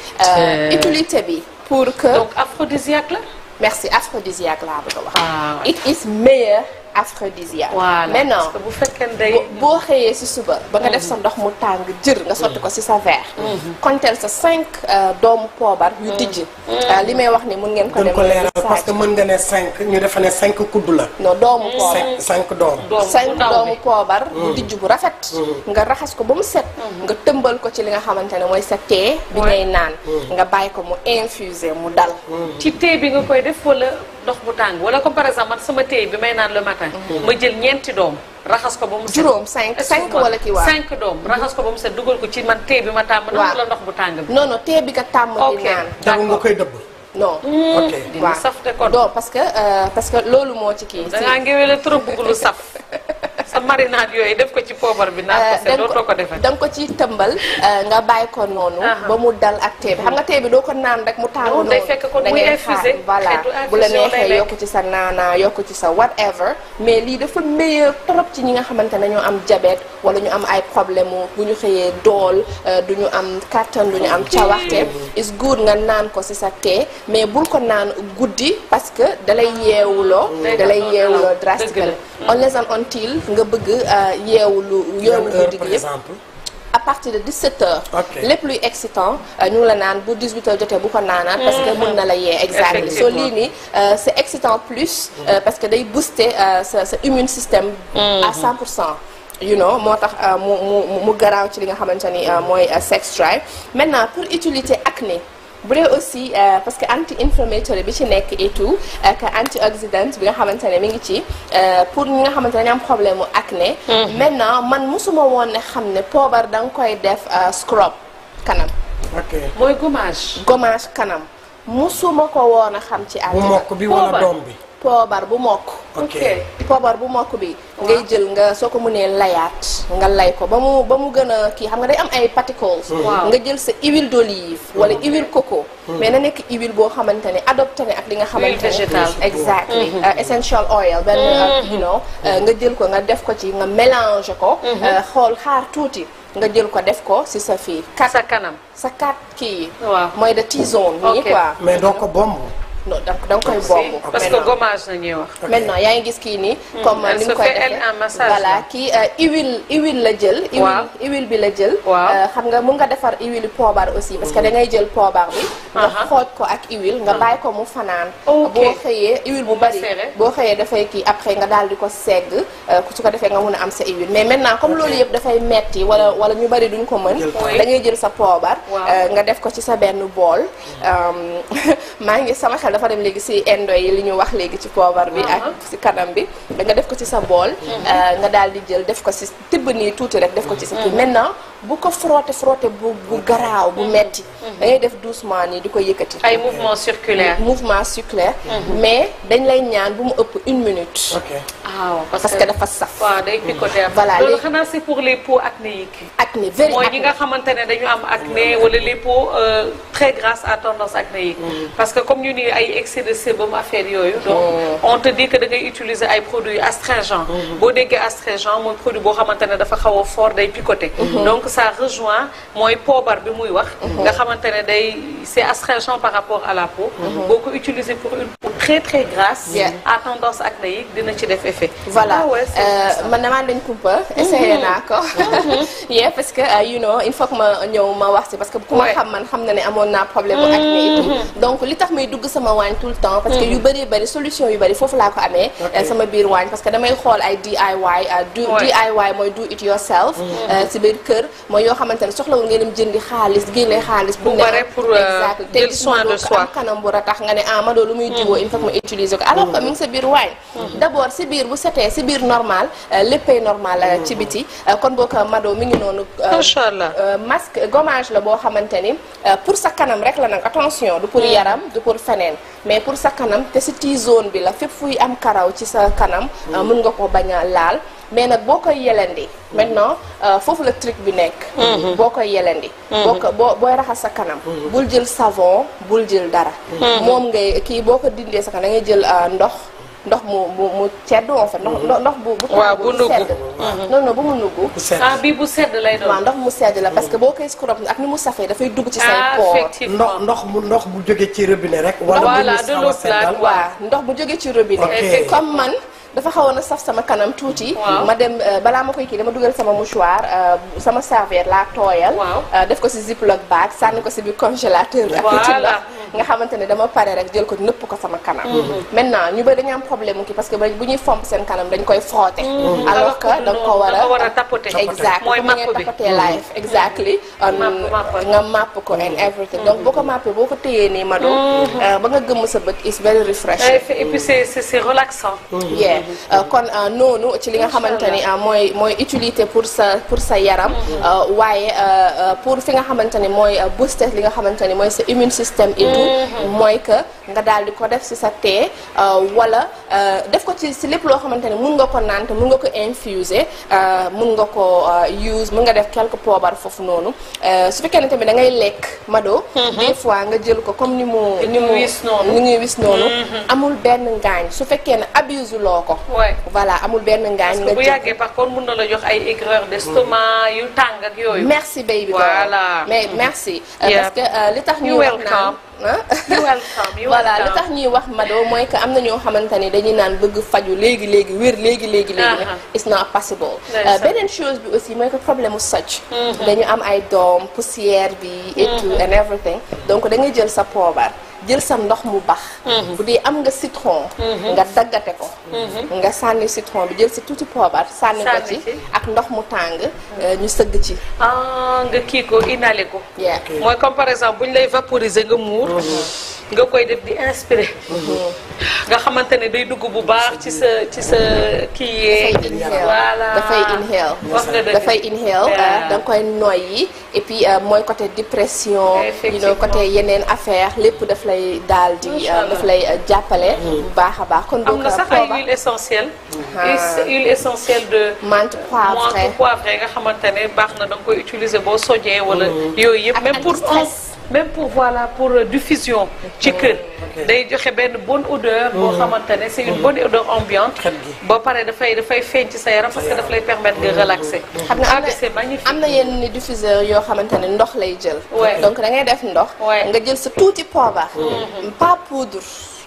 utilité bi pour que. donc aphrodisiaque la. merci aphrodisiaque laa bëgg a wax. Ah, it is meilleur. aphrodisiaque. voilà maintenant parce que bu fekkee boo xëyee si suba. ba nga def sa ndox mu tàng jër nga sotti ko ci sa verre. Mhm. konteel sa cinq euh, doomu poobar. yu mhm. tijji. Mhm. Euh, li may wax ni mun ngeen ko. dem ko leeral parce que mën nga ne cinq ñu defa ne cinq kudd la. non doomu poobar cinq doomu. cinq doomu poobar. bu tijji bu rafet. nga raxas ko ba mu set. nga tëmbal ko ci li nga xamante ne mooy sa thé. bi ngay naan. nga bàyyi ko mu infusé mu dal. ci thé bi nga koy def wala ndox bu tàng wala comme par exemple sama thé bi may naan le matin. matin. ma jël ñeenti doom. raxas ko ba mu set juróom cinq cinq wala kii waa cinq doom raxas ko ba mu set dugal ko ci man tee bi ma tàmm. waaw la ndox bu tàng bi. non non tee bi nga tàmm di naan. d'accord nga koy dëbb. non. Hmm, ok dina saf te kon. non euh, parce que loolu moo ci kii. da ngaa ngewele trop bëgg lu saf. marinade yooyu def ko ci poobar bi. naan ko euh, dootoo ko defee da ko ciy tëmbal euh, nga bàyyi ko noonu. ba mu dal ak tee bi xam nga tee bi doo ko naan rek mu tàng oh, noonu. day fekk kon muy infusé voilà bu la neexee yokk ci sa naana yokk ci sa whatever. mais lii dafa meilleur trop ci ñi nga xamante ne ñoo am diabète wala ñu am ay problème bu ñu xëyee dool euh, du ñu am kattan lu ñu am cawaxte. is good nga naan ko si sa tee mais bul ko naan guddi parce que dalay yeewuloo. dalay yeewuloo drastiquement unless and until nga bëgg euh, yeewu lu yeewu guddi gi yëpp à partir de 17h. ok lépp luy excitant euh, ñu ngi la naan bu 18h jotee bu ko naanaat. parce que mën na la yee exact soo lii nii euh, c' est excitant plus. Mhm. parce que day booster sa immune système. à 100% mhm. you know moo tax mu mu mu garaaw ci li nga xamante ni mooy sex drive maintenant pour utilité acné bu dee aussi euh, parce que anti inflammatory bi ci nekk et tout ak euh, antioxydant bi nga xamante ne mi ngi ci euh, pour ñi nga xamante ne am problème mu acné. Mhm. maintenant man mosuma woon ne xam ne poobar danga koy def scrub kanam. ok mooy gommage. gommage kanam mosuma ko woon a xam ci. àddina bu mokk bi wala doom bi. poobar bu mokk. poobar bu mokk bi. ngay jël nga soo ko mënee layaat nga lay ko ba mu ba mu gën a kii xam nga day am ay particles. Hmm. nga jël sa huile d'olive wala hmm. huile coco. Hmm. mais na nekk huile boo xamante ne adopté ne ak li nga xamante ne. exactly euh, essential oil benn euh, euh, nga jël ko nga def ko ci nga mélange ko. xool xaar tuuti. nga jël ko def ko ci sa fii. sa kanam sa kat kii. mooy de tison ok nii quoi mais doo ko bomb. non da nga koy bomb. parce que gommage la ñuy wax. yaa ngi gis kii nii. Hmm. comme ni mu koy defee voilà kii euh, huile la jël. waaw huile bi la jël. Euh, xam nga mun nga defar huile poobar aussi. parce que hmm. da ngay jël poobar bi. nga xooj ko ak huile nga hmm. bàyyi ko mu fanaan. boo xëyee huile bu bari boo xëyee dafay kii après nga daal di ko segg euh, su ko defee nga mun a am sa huile mais maintenant comme loolu yëpp dafay metti wala wala ñu bari duñ ko mën. da ngay jël sa poobar. nga def ko ci sa benn bool. maa ngi sama xam dafa dem léegi si endo yi li ñu wax léegi ci poobar bi ak uh-huh. si kanam bi nga def ko ci sa bool uh-huh. uh, nga daal di jël def ko si tibb nii tuuti rek def ko ci sa kii uh-huh. maintenant bu ko frotter frotter bu bu garaaw bu metti da ngay def doucement nii di ko yëkkati ay mouvement circulaire mm, mouvement circulaire mais dañ lay ñaan bu mu ëpp une minute waaw ah, parce que dafa saf waaw day picoter voilà loolu xanaa c'est pour les peaux acnéiques acné very mooy ñi nga xamante ne dañu am acné wala les peaux euh, très grasses à tendance acnéique mm. parce que comme ñu ni ay excès de sébum affaire yooyu. donc oh. on te dit que da ngay utiliser ay produits astringents. Mm-hmm. boo déggee astringent mooy produit boo xamante ne dafa xaw a fort day picoté. Mm-hmm. donc sa rejoint mooy poobar bi muy wax. Mm-hmm. nga xamante ne day c'est astringent par rapport à la peau. boo ko utiliser pour une peau très très grasse. à tendance acnéique dina ci def effet. voilà ah euh, man damaa dañ kumpa. essayé mhm. naa ko. Mhm. yeah parce que euh, you know il faut ma ñëw ma wax si parce que ku ma xam man xam na ne amoon naa problème bu mhm. acné et tout donc li tax may dugg sama waañ tout le temps. parce que yu bëree bëri solution yu bëri foofu laa ko amee. Euh, sama biir waañ parce que damay xool ay DIY. do DIY mooy do it yourself. si biir kër mooy yoo xamante ne soxlawul nga ne ah ma doon lu foog ma utiliser ko alors que mi sa biir waañ d'abord si biir bu setee si biir normal euh, léppay normal euh, ci biti euh, kon boo ko mado mi ngi noonu macha allah masque gommage la boo xamante ni pour sa kanam rek la nag attention du pour mm. yaram du pour feneen mais pour sa kanam te si tii zone bi la fépp fuy am karaw ci sa kanam mm. mun nga ko bañ a laal mais nag boo koy yelandi maintenant euh, foofu la truc bi nekk. Mhm. boo koy yelandi. Mhm. boo ko boo booy raxas sa kanam. Mhm. bul jël savon bul jël dara. moom ngay kii boo ko dindee sa kanam da ngay jël euh, ndox. ndox mu mu mu cedd en fait ndox ndox bu bu waaw bu nugg non non bu mu nugg ah, bu sedd lay doon waaw ndox mu sedd la parce que boo koy scrub ak ni mu safee dafay dugg ci say ah, poor ndox ndox mu ndox bu jóge ci robinet rek wala voilà de l'eau froide waaw ndox bu jógee ci robinet comme man dafa xawoon a saf sama kanam tuuti. ma dem euh, balaa ma koy kii dama dugal sama mouchoir euh, sama serviette laa tooyal. Euh, def ko si ziploc bag sànni ko si biir congélateur bi. ak ci ndox nga xamante ne dama pare rek jël ko nëpp ko sama kanam. Mm-hmm. maintenant ñu bëri dañu am problème ki parce que bu ñuy fomp seen kanam dañ koy frotter. Mm-hmm. alors que da nga ko war a da nga ko war exact mooy mapp bi tapotee live mm-hmm. exactly. Um, nga mapp ko and everything. donc boo ko mappee boo ko téyee nii ma doon. ba nga gëm sa bët is very refreshing. et bien euh, kon euh, noonu ci li nga xamante ni euh, mooy mooy utilité pour sa pour sa yaram mm-hmm. waaye pour fi nga xamante ni mooy booster li nga xamante ni mooy sa immune système et mm-hmm. mooy que nga daal di ko def si sa tee wala def ko ci si lépp loo xamante ni mun nga ko naan mun nga ko infuser mun nga ko use mun nga def quelque poobar foofu noonu su fekkee ne tamit da ngay lekk mado mm-hmm. des nga jël ko comme ni mu ni mu wis noonu amul benn ngaañ su fekkee ne abuse loo ko ko. voilà amul benn ngaañ nga bu yàggee par contre mun na la jox ay aigreur d'estomac yu tàng ak yooyu. merci baby voilà mais merci. Euh, parce que li tax ñu wax naan voilà li tax ñuy wax madoo mooy que am na ñoo xamante ni dañuy naan bëgg faju léegi léegi wér léegi léegi léegi uh-huh. it's not possible euh, beneen chose bi aussi mooy que problème mu socc mm-hmm. dañu am ay doom poussière bi et mm-hmm. and everything donc da jël sa poobar jël sa ndox mu bax mhm. bu dee am nga citron mhm. nga daggate ko mhm. nga sànni citron bi jël si tuuti poobar sànni ko ci ak ndox mu tàng euh, ñu sëgg ci ah, nga kii ko inhalé ko mooy comme par exemple bu ñu lay vaporiser nga muur nga koy def di inspiré. nga xamante ne day dugg bu baax ci sa ci sa kii yee. dafay inhale. wax nga dëgg dafay inhale ah, da nga koy noyyi et puis ah, mooy côté dépression. effectivement côté yeneen affaire lépp daf lay daal di. Ah, daf lay jàppale. Mm. bu baax a baax kon donc. am na sax ay huile essentielle. huile de. menthe poivrée nga xamante ne baax na da nga koy utiliser boo sojee wala mm. yooyu yëpp. même pour même pour voilà pour euh, diffusion ci kër day joxe benn bonne odeur boo mhm. xamante ne c'est une mhm. bonne odeur ambiante ba pare dafay dafay feeñ ci sa yaram parce que daf lay permettre nga mhm. relaxer xam nga ah, c'est magnifique am na yenn diffuseur yoo xamante ne ndox lay jël donc da ngay def ndox nga jël sa tuuti poobar pas poudre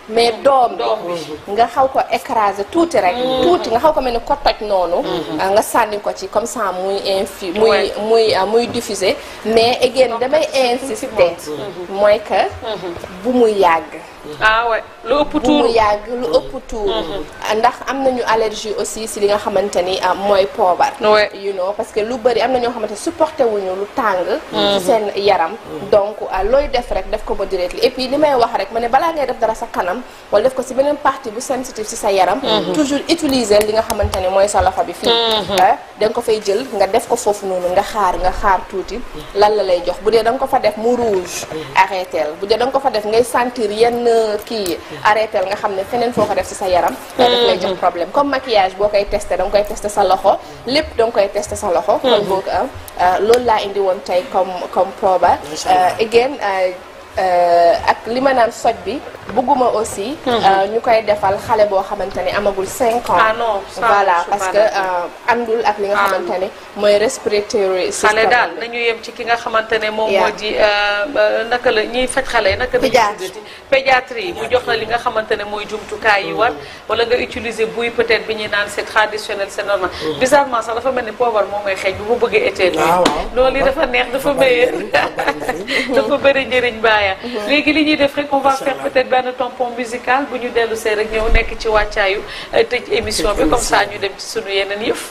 mais doom bi nga xaw ko écraser tuuti rek mm. tuuti nga xaw ko mel ni ko toj noonu mm-hmm. ah, nga sànni ko ci comme ça muy infi muy muy ah, muy diffuser mais again damay insister mm-hmm. mooy que mm-hmm. bu muy yàgg ah ouais lu ëpp tuuru bu yàgg lu ëpp tuuru. Mhm. ndax am nañu allergie aussi si li nga xamante ni ah, mooy poobar. you know parce que lu bëri am na ñoo xamante ne supporté wuñu lu tàng. Mhm. ci seen yaram. Mhm. donc ah, looy def rek def ko ba direct et puis li may wax rek ma ne balaa ngay def dara sa kanam wala def ko si beneen partie bu sensitive si sa yaram. toujours utiliser li nga xamante ni mooy sa loxo bi fii. Ah, da nga ko fay jël nga def ko foofu noonu nga xaar nga xaar tuuti lan la lay jox bu dee da nga ko fa def mu kii arrêté nga xam ne feneen foo ko def ci sa yaram daf lay jox mm-hmm. problème comme maquillage boo koy testé danga koy testé sa loxo lépp danga koy testé sa loxo kon mm-hmm. boog euh, loolu laa indi woon tey comme comme proba euh, again euh, Euh, ak li ma naan soj bi bëgguma aussi. Mhm. Euh, ñu koy defal xale boo xamante ne amagul 5 ans. ah non voilà parce que àndul euh, ak li nga ah xamante ne mooy respiratory system. xale daal nañu yem ci ki nga xamante ne moom moo di naka la ñuy faj xale naka la ñuy pédiatrie mu jox la li nga xamante ne mooy jumtukaay yi war mm. wala nga utiliser buy peut-être bi ñuy naan c'est traditionnel c'est normal. Mm. bizarrement sax dafa mel ni poobar moom mooy xeeñ bu mu bëggee éteendu. Ah, waaw loolu dafa neex dafa bëri dafa bëri njëriñ baay citoyen mhm. léegi li ñuy def rek on va faire peut-être benn tampon musical bu ñu dellu see rek ñëw nekk ci wàccaayu euh, tëj émission bi comme ça ñu def ci sunu yeneen yëf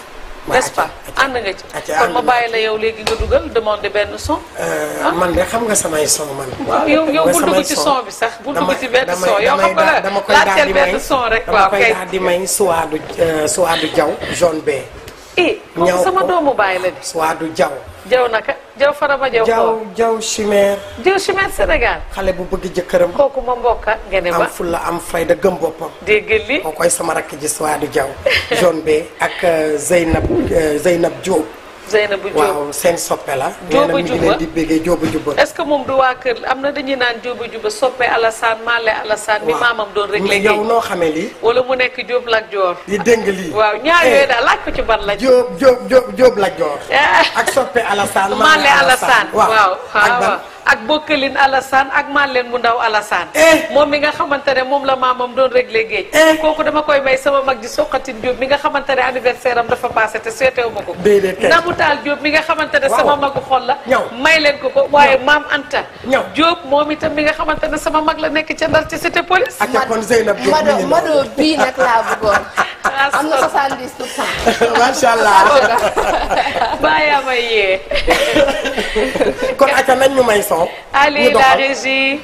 n'est-ce pas ànd nga ci kon la yow léegi nga dugal demandé benn son euh, ah. man de xam nga samay son man waaw yow bul dugg ci son bi sax bul dugg ci benn son yow xam nga la dama koy daal di may son rek waaw kay daal di may suwaadu euh, suwaadu jaw jaune b eh, ñaw sama doomu bàyyi la di suwaadu jaw jaw naka jaw farama jaw jaw jaw chimère Sénégal xale bu bëgg jëkkëram kooku ma mbokka am fulla am fayda gëm boppam dégg li koo koy sama rakk ji Suwaadu Jaw jaune be ak euh, Zeynab euh, Zeynab Diop Seynabou Diop waaw seen soppe la. Diop Juba nee na mi ngi leen di béggee moom du waa kër am na dañuy naan Diop Juba soppe Alassane Maale Alassane. mi maamam doon réglé léegi yow noo xamee lii. wala mu nekk Diop Lat joor yi dégg lii waaw ñaar yooyu eh. daal laaj ko ci ban la. Diop Diop Diop joor Dior. Eh. ak soppe Alassane Maale Alassane waaw waaw ak ban. ak bokkalin Alassane ak leen mu ndaw Alassane eh. moom mi nga xamante ne moom la maamam doon réglé géej eh. kooku dama koy may sama mag ji Soxatin Diop mi nga xamante ne anniversaire am dafa passé te souhaité wu ma ko Namoutal Diop mi nga xamante ne sama magu xol la may leen ko ko waaye maam Anta Diop moom itam mi nga xamante ne sama mag la nekk ca Ndar ci cité police ak kon Zeynab Diop mado bii nag laa bëggoon am na 70 pour cent macha allah bàyyaa a yee kon aka nañ ñu may façon. Allez la régie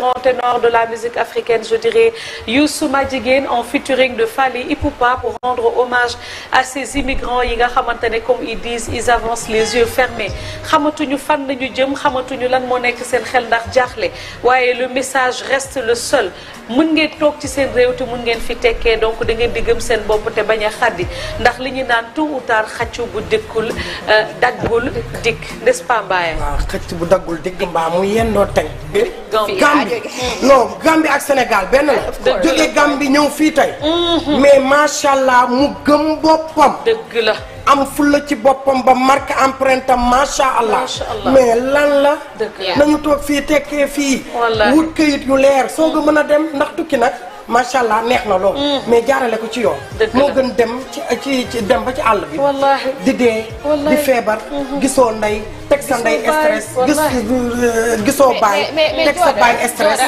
grand ténor de la musique africaine, je dirais, Youssou Madjiguène en featuring de Fally Ipupa pour rendre hommage à ces immigrants yi nga xamante ne comme ils disent ils avancent les yeux fermés xamatuñu fan la ñu jëm xamatuñu lan moo nekk seen xel ndax jaaxle waaye le message reste le seul mun ngeen toog ci seen réew te mun ngeen fi tekkee donc da ngeen di gëm seen bopp te bañ xaddi ndax li ñu naan tôt ou tard xaccu bu dëkkul euh, daggul dikk n'est-ce xacc bu daggul dikk mbaa mu yendoo teg. non Gambie ak Sénégal benn la. jóge Gambie ñëw fii tey. Mm-hmm. mais macha allah mu gëm boppam. dëgg la. am fulla ci boppam ba marque empreinte am macha allah mais lan la nañu toog fii tekkee fii wut kayit yu leer soo ko mën a dem ndax tukki nag macha allah neex na lool. Mm. mais jaarale ko ci yoon. moo gën dem ci ci dem ba ci àll bi. wallaahi di dee. di feebar. Mm-hmm. gisoo ndey teg sa ndey stress. gis euh, gisoo baay. teg sa baay stress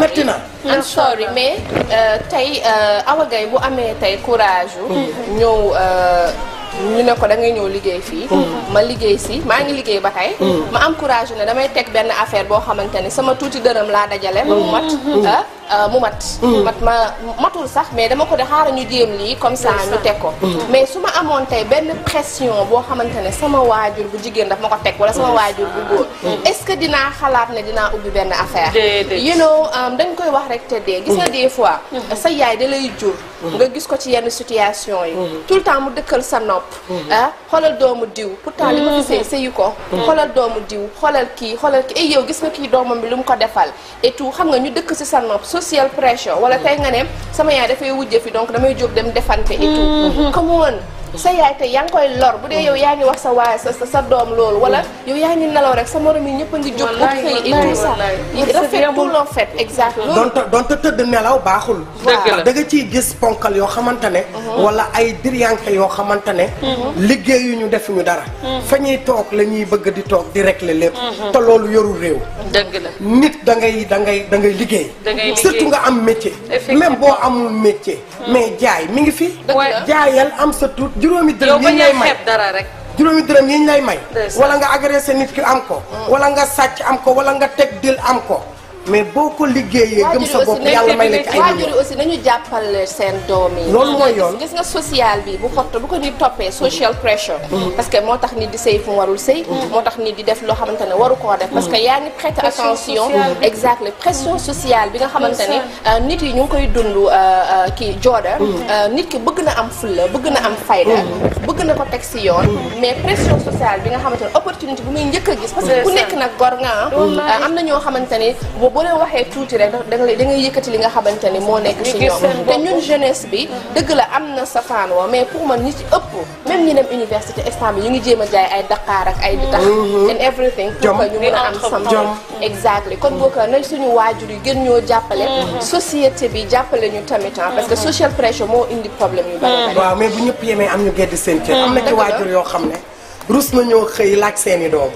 métti na. am sorry mais euh, tey euh, Awa Gaye bu amee tey courage. Mm. ñëw. ñu ne ko da ngay ñëw liggéey fii mm. ma liggéey si maa ngi liggéey ba tey mm. ma am courage ne damay teg benn affaire boo xamante ne sama tuuti dërëm laa dajale mu mm. mu mat ah, ah, mat ma matul sax mais dama ko de xaara ñu jéem lii comme ça ñu teg ko mais su ma amoon tey benn pression boo xamante ne sama waajur bu jigéen daf ma ko teg wala sama waajur bu góor est-ce que dinaa xalaat ne dinaa ubbi benn affaire you know um, dañ koy wax rek te gis nga des fois sa yaay da nga gis ko ci yenn situation yi mhm. tout le temps mu dëkkal sa nopp mhm. ah xoolal doomu diw pourtant li ma fi sëy sëyu ko mhm. xoolal doomu diw xoolal kii xoolal kii ay eh, yow gis nga kii doomam bi lu mu ko defal et tout xam nga ñu dëkk si sa nopp social pressure wala tey nga ne sama yaay dafay wujje fi donc damay jóg dem defante et tout come on sa yaay tey yaa ngi koy lor bu dee mm. yow yaa ngi wax sa waay sa sa doom loolu wala mm. yow yaa ngi nelaw rek sa morom yi ñëpp a ngi jóg ut xëy et tout ça rafetul loo fait exactement donte donte tëdd nelaw baaxul da nga ciy gis ponkal yoo xamante ne mm-hmm. wala ay diryanke yoo xamante ne mm-hmm. liggéeyu ñu defuñu dara mm-hmm. fa ñuy toog la ñuy bëgg di toog di régler lépp te loolu yorul réew dëgg la nit da dangay da ngay da ngay liggéey surtout nga am métier même boo amul métier mm. mais jaay mi ngi fi jaayal am sa tuut juróomi dërëm yi ñu may dara rek. juróomi dërëm yi ñu lay may. wala nga agressé nit ki am ko. Mm. wala nga sàcc am ko wala nga teg dil am ko. mais boo ko liggéeyee gëm sa bopp yàlla may nekk ay waajur yi aussi nañu jàppale seen doom yi loolu ko mm-hmm. Mm-hmm. que moo tax nit di sëy fu mu warul mm-hmm. def loo xamante ne waru koo def parce que yaa ngi prêter attention exactement bi nga xamante ne euh, nit yi ñu koy dund euh, euh, kii jooda nit ki bëgg na am fulla bëgg na am fayda bëgg na ko teg si yoon mais bi nga xamante ne opportunité bu muy njëkk gis parce que ku nekk nag gor nga am na ñoo xamante boo leen waxee tuuti rek da ngay yëkkati li nga xamante ni moo nekk ci ñoom jeunesse bi dëgg la am na safaan wa mais pour man ñi ci ëpp même ñi dem université instant bi ñu ngi jéem a jaay ay Dakar ak ay ditax mm-hmm. and everything pour que ñu mën a am something exactly kon boo ko nañ suñu waajur yi gën ñoo jàppale mm-hmm. société bi jàppale ñu tamit am ah, parce que mm-hmm. social pressure moo indi problème yu bari bu ñëpp yemee am ñu gedd seen kër am na ci waajur yoo xam ne rus nañoo xëy laaj seen i doom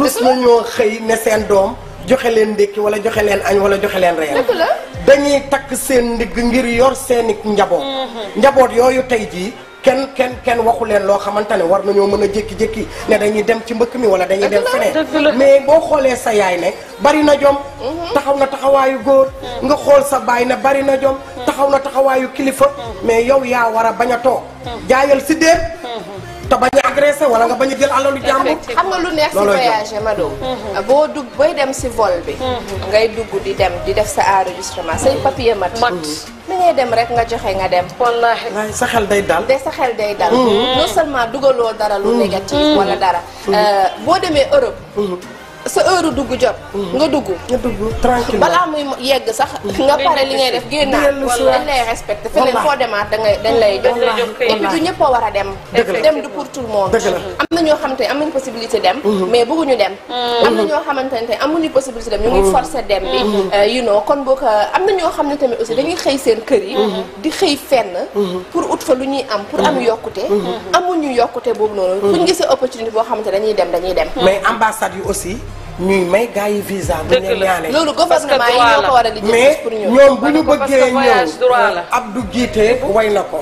rus nañoo xëy ne seen doom joxe leen ndékki wala joxe leen añ wala joxe leen reer dañuy takk seen ndigg ngir yor seeni njaboot mm-hmm. njaboot yooyu tey jii kenn kenn kenn waxu leen loo xamante ne war ñoo mën a jékki-jékki ne dañuy dem ci mbëkk mi wala dañuy dem feneen mais boo xoolee sa yaay ne bari na jom mm-hmm. taxaw na taxawaayu góor mm-hmm. nga xool sa baay ne bari na jom taxaw na taxawaayu kilifa mais yow yaa war a bañ a toog jaayal si déet te bañ a agressé wala nga bañ a jël alalu jàmbur. xam nga lu neex si voyage Mado. Mhm. boo dugg booy dem si vol bi. Mhm. ngay dugg di dem di def sa enregistrement say papier mat. mat ni mhm. ngay dem rek nga joxe nga dem. wallaahi sa xel day dal. de sa xel day dal. non seulement dugaloo dara lu négatif. wala dara euh, boo demee Europe. sa heure dugg jot. nga dugg. nga dugg tranquille balaa muy yegg sax. nga pare li ngay def génnaat wala dañ lay respecté. feneen foo demaat da ngay dañ lay jox. et puis du ñëpp a war a dem. dem du pour tout am na ñoo xamante ne am nañu possibilité dem. Mhm. mais bëgguñu dem. Mhm. am na ñoo xamante ne amuñu possibilité dem ñu ngi mhm. forcer dem bi. Euh, you know kon boo ko euh, am na ñoo xam ne tamit aussi dañuy xëy seen kër yi. di xëy fenn. pour ut fa lu ñuy am pour am yokkute. ñu yokkute boobu noonu. fu ñu gisee opportunité boo xamante dañuy dem dañuy dem. mais ambassade yu aussi ñuy may gars yi visa bu ñu ñaanee. loolu gouvernement yi ñoo ko war a lijjanti pour ñoom mais ñoom bu ñu bëggee ñëw na ko.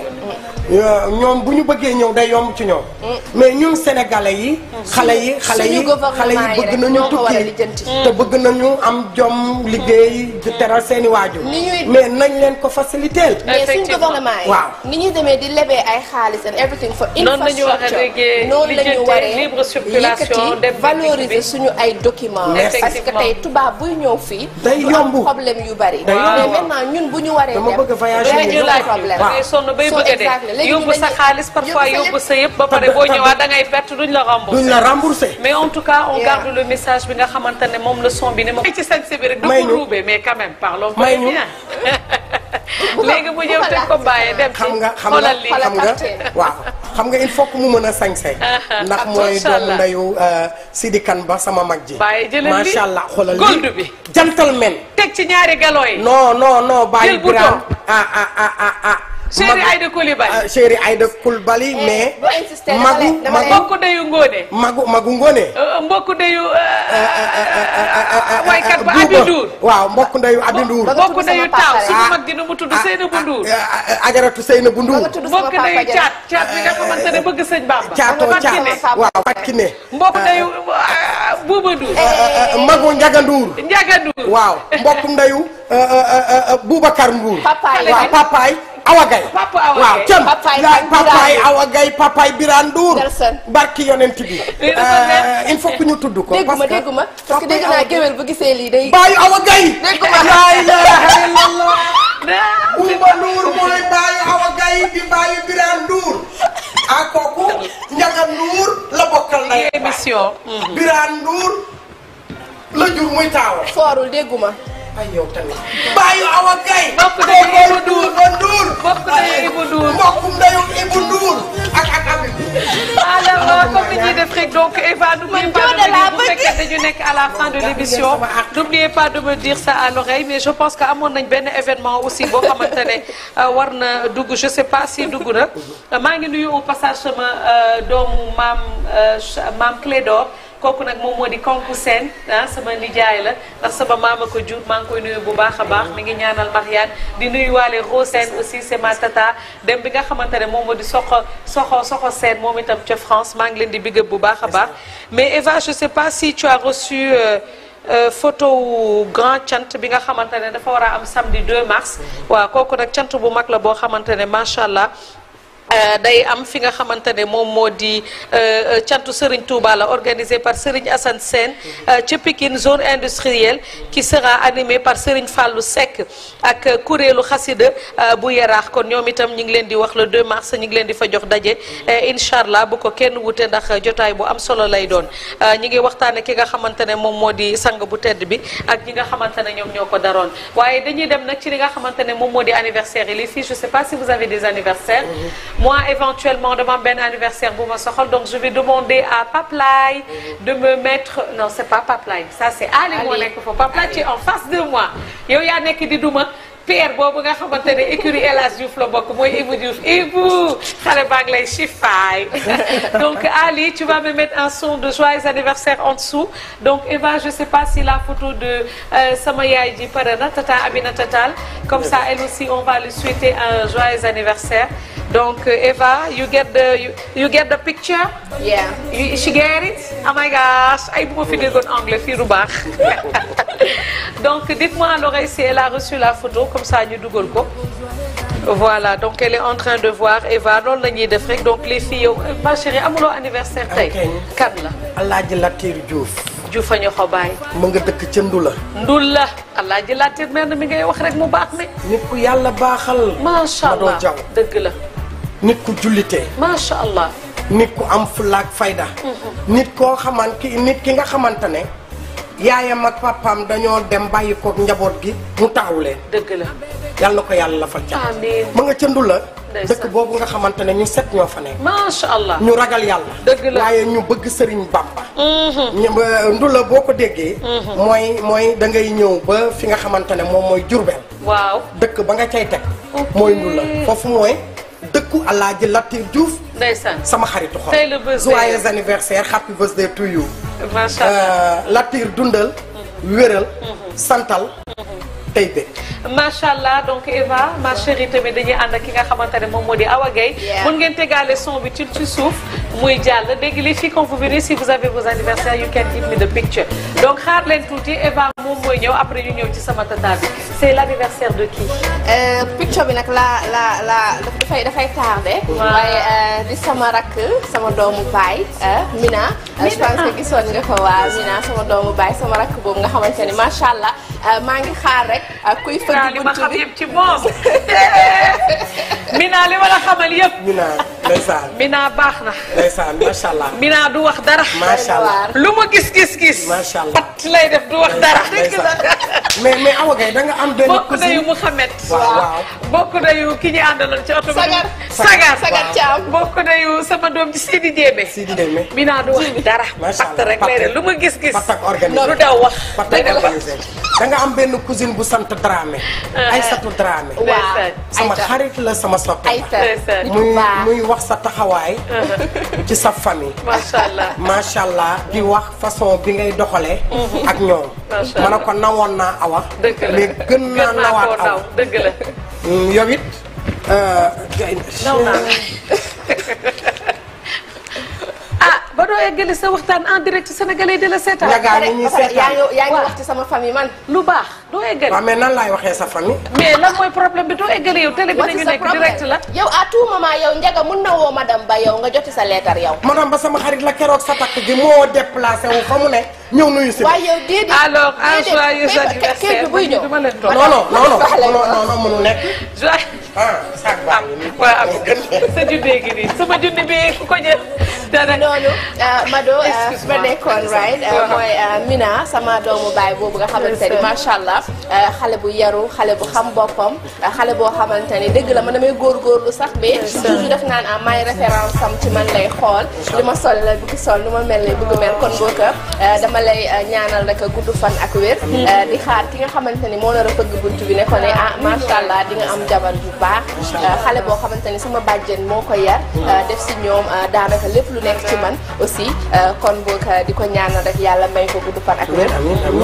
Euh, ñoom bu ñu bëggee ñëw day yomb ci ñoom. Mm. mais ñun sénégalais yi. Mm. xale yi xale yi yi bëgg nañu tukki te bëgg nañu am jom liggéey di teral seen i waajur. ko faciliter. mais suñu gouvernement yi. waaw ni ñuy demee di lebee ay xaalis and everything for infrastructure noonu la waree libre circulation suñu ay documents. parce que tey tubaab buy ñëw fii. day yomb yu bari. mais maintenant ñun bu ñu waree dem. dama bëgg voyager yóbbu sa xaalis parfois yóbbu sa yëpp ba pare boo ñëwaat da ngay duñ la rembourser duñ la rembourser mais en tout cas on garde le message bi nga xamante ne moom le son bi ne ma ci sañse bi rek du ko ruubee mais quand même parlons may ñu léegi mu ñëw te xam nga waaw xam nga il faut que mën a sañse ndax mooy doomu ndeyu euh, Sidi Kane ba sama mag ji bàyyi jëlal macha allah xoolal lii gold bi gentleman teg ci ñaari galon yi non non non bàyyi Birame ah ah ah ah, ah. chéri Aïda Coulibaly chéri mais. magu magu mbokku dayu ngóone. waaw mbokku dayu Abi Ndour. mbokku dayu taaw suñu mag gi nu mu tudd Seynabou Ndour. ajaratu Seynabou Ndour. mbokku dayu caat caat bi nga xamante ne bëgg sëñ Bamba. caatoo caat waaw fàttali ne. mbokku dayu Bouba Ndour. magu Ndiaga Ndour. Ndiaga Ndour waaw mbokku dayu Boubacar Ndour. papaay papaay. Awa Gaye papa Awa Gaye waaw cëm papaay Awa Gaye euh, ñu tudd ko dégguma dégguma parce que dégg naa géwél bu gisee lii day baayu Awa Gaye dégguma laa ilaaha illallah Oumba Ndour mooy ah, la bokkal na émission Birane Ndour la jur muy taaw foorul dégguma ay yow tamit. bàyyi awa gay. mbokk ndeyu Ibou Ndour mbokk ndeyu Ibou Ndour mbokk ndeyu Ibou Ndour ak ak Habib. alors euh, comme ni ñuy def rek donc Eva n'oubliez pas de bu fekkee dañu nekk à la fin de l'émission n'oubliez pas de me dire ça à l'oreille mais je pense que amoon nañ benn événement aussi boo xamante ne euh, war na dugg je sais pas si dugg na euh, maa ngi nuyu au passage sama doomu maam maam Clédor. kooku nag moom moo di konku seen ah, sama nijaay la ndax sama maama ko jur maa ngi koy nuyu bu baax a baax mi ngi ñaanal Mariane di nuyuwaale Ro Seen aussi c'est ma tata dem bi nga xamante ne moom moo di soxo soxo soxo seen moom itam ca France maa ngi leen di bigëb bu baax a baax mais Eva je sais pas si tu as reçu Euh, euh photo grand cant bi nga xamante ne dafa war a am samedi 2 mars mm-hmm. waaw kooku nag cant bu mag la boo xamante ne macha allah Euh, day am fi nga xamante ne moom moo di euh, euh, cantu Serigne Touba la organisé par Serigne Assane Sène ca Pikine zone industrielle qui sera animé par Serigne fàllu Seck ak kuréelu xasida bu yaraax kon ñoom itam ñi ngi leen di wax le 2 mars ñi ngi leen di fa jox daje incha allah bu ko kenn wute ndax jotaay bu am solo lay doon ñi ngi waxtaane ki nga xamante ne moom moo di sang bu tedd bi ak ñi nga xamante ne ñoom ñoo ko daroon waaye dañuy dem nag ci li nga xamante ne moom moo di anniversaire yi lii fii je sais pas si moi éventuellement dama am benn anniversaire bu ma soxal donc je vais demander à Paplay de me mettre non c'est pas Paplay ça c'est Ali moo nekk foofu Paplay ci en face de moi yow yaa nekk di duma père boobu nga xamante ne écurie El Hadj Diouf la bokk mooy Ibou Diouf Ibou xale baa ngi lay chifaay donc Ali tu vas me mettre un son de joyeux anniversaire en dessous donc Eva je sais pas si la photo de euh, sama yaay ji pare na tata Aminata Tall comme ça elle aussi on va lui souhaiter un joyeux anniversaire donc euh, Eva you get the you, you get the picture. yeah you, she get it. oh my gosh ay bu ma fi déggoon anglais fii du baax donc dites-moi à l'oreille si elle a reçu la photo. comme ça ñu dugal ko voilà donc elle est en train de voir Eva loolu la ñuy def rek donc les filles yow euh, ma amuloo anniversaire tey kan la Alaaji Latir Diouf Diouf a ñu xobaay mu nga dëkk ca Ndula Ndula Alaaji Latir mel na mi ngay wax rek mu baax mi nit ku yàlla baaxal macha allah jaw dëgg la nit ku jullitee macha allah nit ku am fulaak fayda mm-hmm. nit koo xamante nit ki nga xamante ne yaayam ak papaam dañoo dem bàyyi koog njaboot gi mu taawulee leen. dëgg ko yàlla la fa jàpp. amiin nga cëndu la. dëkk boobu nga xamante ne ñu set ñoo fa nekk. macha allah ñu ragal yàlla. dëgg la ñu bëgg sëriñ Bàmba. Mm-hmm. ndu la boo ko déggee. Mm-hmm. mooy mooy da ngay ñëw ba fi nga xamante ne moom mooy Jurbel. waaw dëkk ba nga cay teg. mooy ndu la foofu mooy. dëkku Alaaji Latir Diouf. ndeysaan sama xaritu xol. tey la bés joyeux anniversaire happy birthday to you. macha allah euh, Latir dundal. wéral mhm. santal. Mhm. tey de. allah donc Eva ma chérie tamit dañuy ànd ak ki nga xamante ne moom moo di Awa Gueye. mun ngeen tegaale son bi ci ci suuf muy jàll dégg li fii quand vous venez si vous avez vos anniversaires you can give me the picture donc xaar leen tuuti Eva moom mooy ñëw après ñu ñëw ci sama tata bi c' est l' de qui. Euh, picture bi nag laa la la dafay dafay tardé. waaye euh, di sama rakk sama doomu baay euh, Mina. Mina je pense que gisoon nga ko waaw Mina sama doomu baay sama rakk boobu nga xamante ne macha allah. Euh, maa ngi xaar rek euh, kuy fëgg buntu bi li ma xam yëpp ci moom. Mina li ma la xamal yëpp. ndeysaan Mina baax na. ndeysaan macha allah. Mina du wax dara. macha allah lu ma gis gis gis. macha allah pat lay def du wax dara. mais Awa Gaye da nga am benn. bokk na yu Mouhamed. waaw na yu ki ñu àndaloon ci oto. Sagar Sagar Sagar na sama doom ji Sidi Diémé. Sidi Diémé Mina du wax dara. macha allah pat rek lay def lu da nga am benn cousine bu sant Dramé. Ah, ah. sa taxawaay. Uh-huh. ci sa famille. macha allah macha allah di wax façon bi ngay doxalee. Uh-huh. ak ñoom. ma ne ko nawoon naa awa. dëgg la mais gën naa nawaat awa dëgg la. Mm, ba doo eggali sa waxtaan en direct sénégalais di la seetaan. njagaa nit ñi seetaan yaa ngi wax sama famille man. lu baax doo eggali. waaw mais nan laay waxee sa famille. mais la mooy problème bi doo eggali yow. télé bi nañu nekk direct la. yow à tout moment yow njaga mun na woo madame ba yow nga joti sa leetar yow. madame ba sama xarit la keroog sa takk gi moo déplacé wu fa mu ne ñëw nuyu si. waaye yow déedéet alors en joyeux anniversaire. kii bi buy ñëw non non non non non mënu ah saag baa ngi nii waaw sa junne gi nii sama junne bi ku ko jël. dana noonu euh, Mado euh, ma nekkoon ride euh, uh-huh. mooy Mina sama doomu baay boobu nga xamante ni macha allah xale bu yaru xale bu xam boppam xale boo xamante ni dëgg la man damay góorgóorlu sax bi toujours def naan am ah, may référence sam ci man lay xool li ma sol la bëgg sol lu ma mel ni bëgg mel kon boo ko dama lay ñaanal rek gudd fan ak wér mm-hmm. di xaar ki nga xamante ni moo nar a fëgg bunt bi ne ko ne ah macha allah di nga am jabar baax euh, xale boo xamante ni sama bàjjen moo ko yar euh, def si ñoom euh, daanaka lépp lu nekk ci man aussi kon boog di ko ñaanal rek yàlla may ko gudd fan ak wér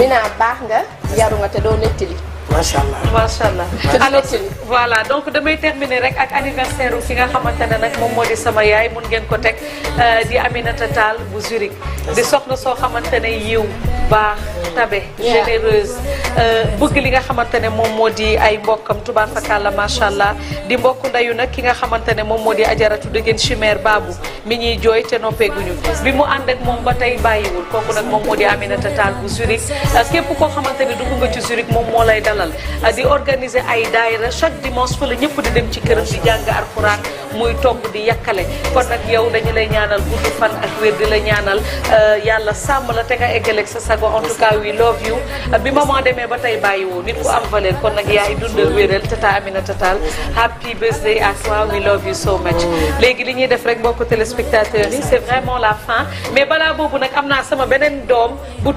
Mina baax nga yaru nga te doo nettali macha allah macha allah alors voilà donc damay terminer rek ak anniversaire u ki nga xamante ne nag moom moo di sama yaay mun ngeen ko teg euh, di Aminata taal bu Zurich di soxna soo xamante ne yiw baax tabe généreuse euh, bëgg li nga xamante ne moom moo di ay mbokkam tubaar fakàlla macha allah di mbokk ndayu nag ki nga xamante ne moom moo di ajaratu dëggeen chimère baabu mi ñuy jooy te noppeeguñu bi mu ànd ak moom ba tey bàyyiwul kooku nag moom moo di Aminata Tall bu Zurich euh, képp koo xamante ne dugg nga ci Zurich moom moo lay dal dalal ah, di organiser ay daayira chaque dimanche fa la ñëpp di dem ci këram di jàng alxuraan muy togg di yàkkale kon nag yow dañu lay ñaanal gudd fan ak wér di la ñaanal ah, yàlla sàmm la te nga eggaleeg sa sago en tout cas we love you ah, bi maman demee ba tey bàyyiwoo nit ku am valeur kon nag yaay dundal wéral tata Amina Tatal happy birthday à toi we love you so much léegi li ñuy def rek mbokku téléspectateurs yi c'est vraiment la fin mais balaa boobu nag am naa sama beneen doom bu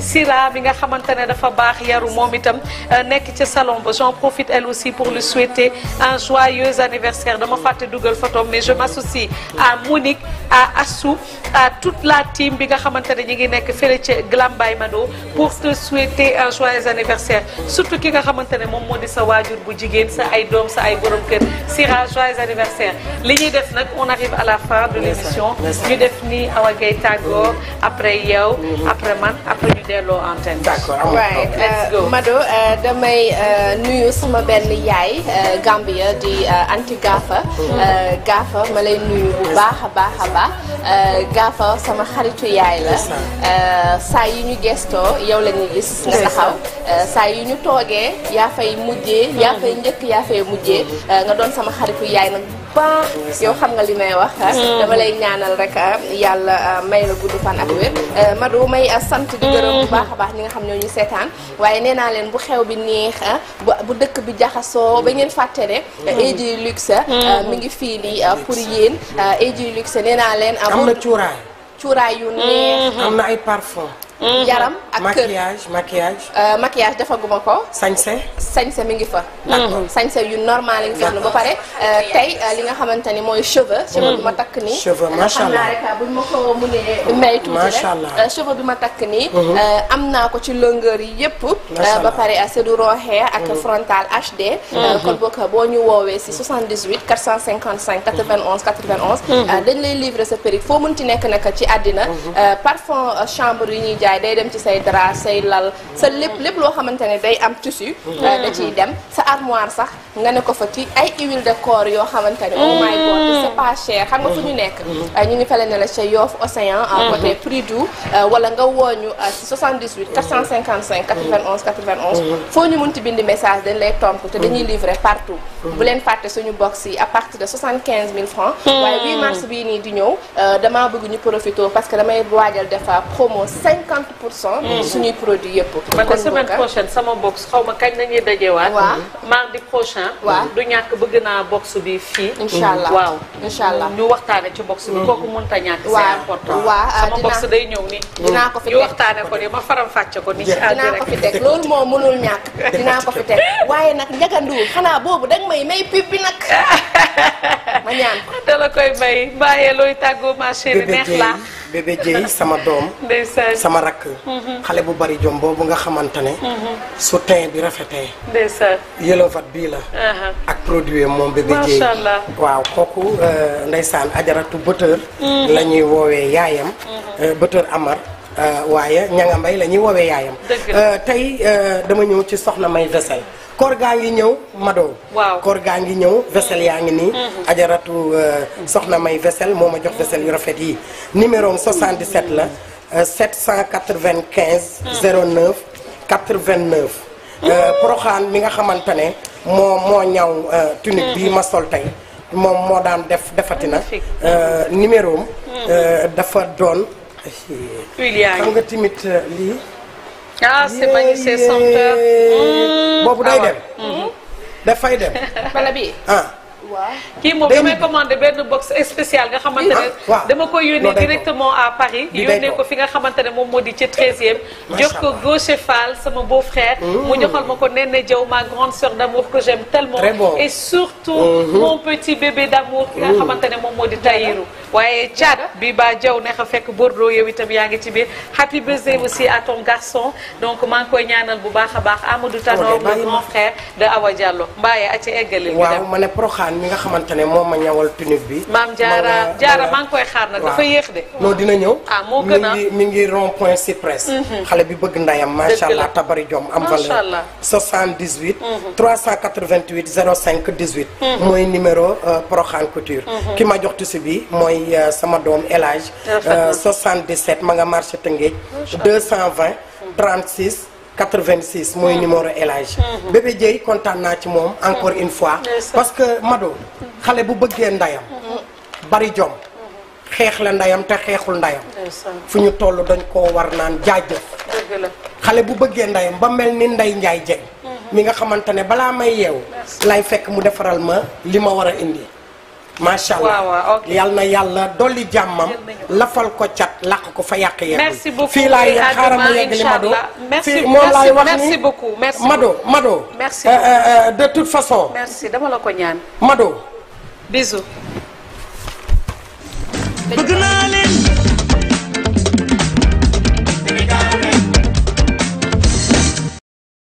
Sira bi nga xamante ne dafa baax yaru moom itam euh, nekk ca salon ba j'en profite elle aussi pour lui souhaiter un joyeux anniversaire dama fàtte dugal photo mais je m'associe à Monique à Assou à toute la team bi nga xamante ne ñi ngi nekk fële ca Glambay Mado pour te souhaiter un joyeux anniversaire surtout ki nga xamante ne moom moo di sa waajur bu jigéen sa ay doom sa ay borom kër Sira joyeux anniversaire li ñuy def nag on arrive à la fin de l'émission ñu def ni Awa Gueye tàggoo après yow après man ñu delloo antenne. d'accord right euh, Mado euh, damay euh, nuyu sama benn yaay Gambia di anti Gafa. Mm-hmm. Gafa ma lay nuyu bu baax a baax a Gafa sama xaritu yaay la. saa yu ñu gestoo yow la ñuy gis. nga taxaw saa yu ñu toogee yaa fay mujjee. yaa fay njëkk yaa fay mujjee nga doon sama xaritu yaay nag. baax yow xam nga li may wax ah. mm. dama lay ñaanal rek ah, yàlla ah, may la gudd fan ak wér eh, Madou may sant di gërëm bu mm-hmm. baax a baax ñi nga xam ñoo ñu seetaan waaye nee naa leen bu xew bi neex bu dëkk bi jaxasoo ba ngeen fàtte ne eh, mm-hmm. AJ Luxe mu mm-hmm. ngi fii nii pour yéen eh, AJ Luxe nee naa leen am na cuuraay cuuraay yu neex na ay parfum Mhm. yaram ak kër maquillage maquillage. Euh, maquillage defaguma ko. sañse sañse mi ngi fa. Mhm. d'accord sañse yu normal yi nga xam ba pare. Euh, tey euh, li nga xamante ni mooy cheveux. Mhm. cheveux bi ma takk ni cheveux macha allah xam naa rek buñ ma bi ma takk nii. am naa ko ci longueur yi yëpp. ba pare c'est du ak frontale HD. kon boog boo ñu woowee si cinq 78 455 91 91. dañ lay livrer sa perruque foo mënti nekk nag ci àddina. parfum chambre yi ñuy jaay day dem ci say drap say lal sa lépp lépp loo xamante ne day am tissu mm. euh, da ciy dem sa armoire sax nga ne ko fa ci ay huile de corps yoo xamante ne oh my god mm. xam nga fu ñu nekk euh, ñu ngi fele ne la ca Yoff Océan à mm-hmm. côté prix du euh, wala nga wooñu ci 78 455 91 91 foo ñu mun ti bindi message dañ lay tontu te dañuy mm-hmm. livrer partout mm-hmm. bu leen fàtte suñu à partir de 75 000 francs waaye 8 mars bii nii di ñëw damaa bëgg ñu profité parce que damay waajal defa promo 60 pour cent. Mm. suñuy produit yëpp. kon man la semaine prochaine sama box xaw ma kañ nañuy dajewaat. waaw mardi prochain. waaw du ñàkk bëgg naa box bi fii. incha allah waaw incha allah ñu waxtaane ci box bi mm. kooku mënut a ñàkk. c'est important ah, sama box day ñëw ni ko fi teg ñu waxtaane ko ni ma faram fàcce ko ni ci àll dinaa ko fi teg loolu moo mënul ñàkk dinaa ko fi teg waaye nag njaganduwul xanaa boobu danga may may pub nag ma ñaan dala koy may bàyyee looy tàggoo ma neex la bébé Dieye sama doom. sama rakk. Mm-hmm. xale bu bari jom boobu nga xamante ne. Mm-hmm. su teint bi rafetee. ndeysaan yëloofaat bii la. Uh-huh. ak produit moom bébé Dieye. macha waaw kooku euh, ndeysaan ajaratu bëtër. Mm-hmm. lañuy woowee yaayam. Euh, bëtër Amar. Euh, waaye ña nga mbay la ñuy woowee yaayam. Euh, tey euh, dama ñëw ci soxna may Vessel. koor gaa ngi ñëw Mado. waaw koor gaa ngi ñëw Vessel yaa ngi nii. Mhm. ajaratu soxna may Vessel moo ma jox Vessel yu rafet yi numéro am 77 la. 795. 09 89. Proxaan mi nga xamante ne moo moo ñaw tunique bi ma sol tey moom moo daan def defatina numéro am mhm. dafa doon. huile yaa ngi xam nga timit euh, lii. ah c'est magnifique senteur. Mm. boobu day ah, dem. Mm-hmm. dafay dem. bala bi ah. kii moom damay commandé benn box spécial nga xamante ne ah, dama koy yónnee directement à Paris ne ko fi nga xamante ne moom moo di ci 13e jox ko Gauche Fall sama beau frère mmh. mu joxal ma ko Nene Diaw ma grande sœur d'amour que j'aime tellement et surtout mmh. mon petit bébé d'amour ki nga mmh. xamante ne moom moo di Tayiru waaye Thiat bi ba Diaw neex a fekk Bordeaux yow itam yaa ngi ci biir happy birthday aussi à ton garçon donc maa koy ñaanal bu baax a baax Amadou Tanor oh, mon grand frère de Awa Diallo a mi nga xamante ne moom ma ñawal tunique bi. maam jaara jaara maa ngi koy xaar nag dafa yéex de. non dina ñëw. ah mi ngi mi ngi rond point cyprès. Mhm. xale bi bëgg ndayam macha allah tabari jom am valeur. 78. 388 05 18. mooy numéro euh, Proxan Couture. Mhm. ki ma jox tissu bi mooy euh, sama doom El Hadj. 77 euh, ma nga marché Tëngéej. 220 36. 86 mooy hmm. numéro élage hmm. bébé Dieye kontaan naa ci moom encore hmm. une fois parce que Mado xale bu bëggee ndayam bari jom xeex la ndayam te xeexul ndayam fu ñu toll dañ koo war naan jaajëf xale bu bëggee ndayam ba mel ni nday njaay jeg mi nga xamante ne balaa may yeew lay fekk mu defaral ma li ma war a indi macha allah yal na yàlla dolli jàmmam lafal ko cat làq ko fa yàq yàq fii laay xaaral ma yegg li Mado fii moom laay wax ni Mado Mado euh, euh, euh, de toute façon merci dama la ko ñaan Mado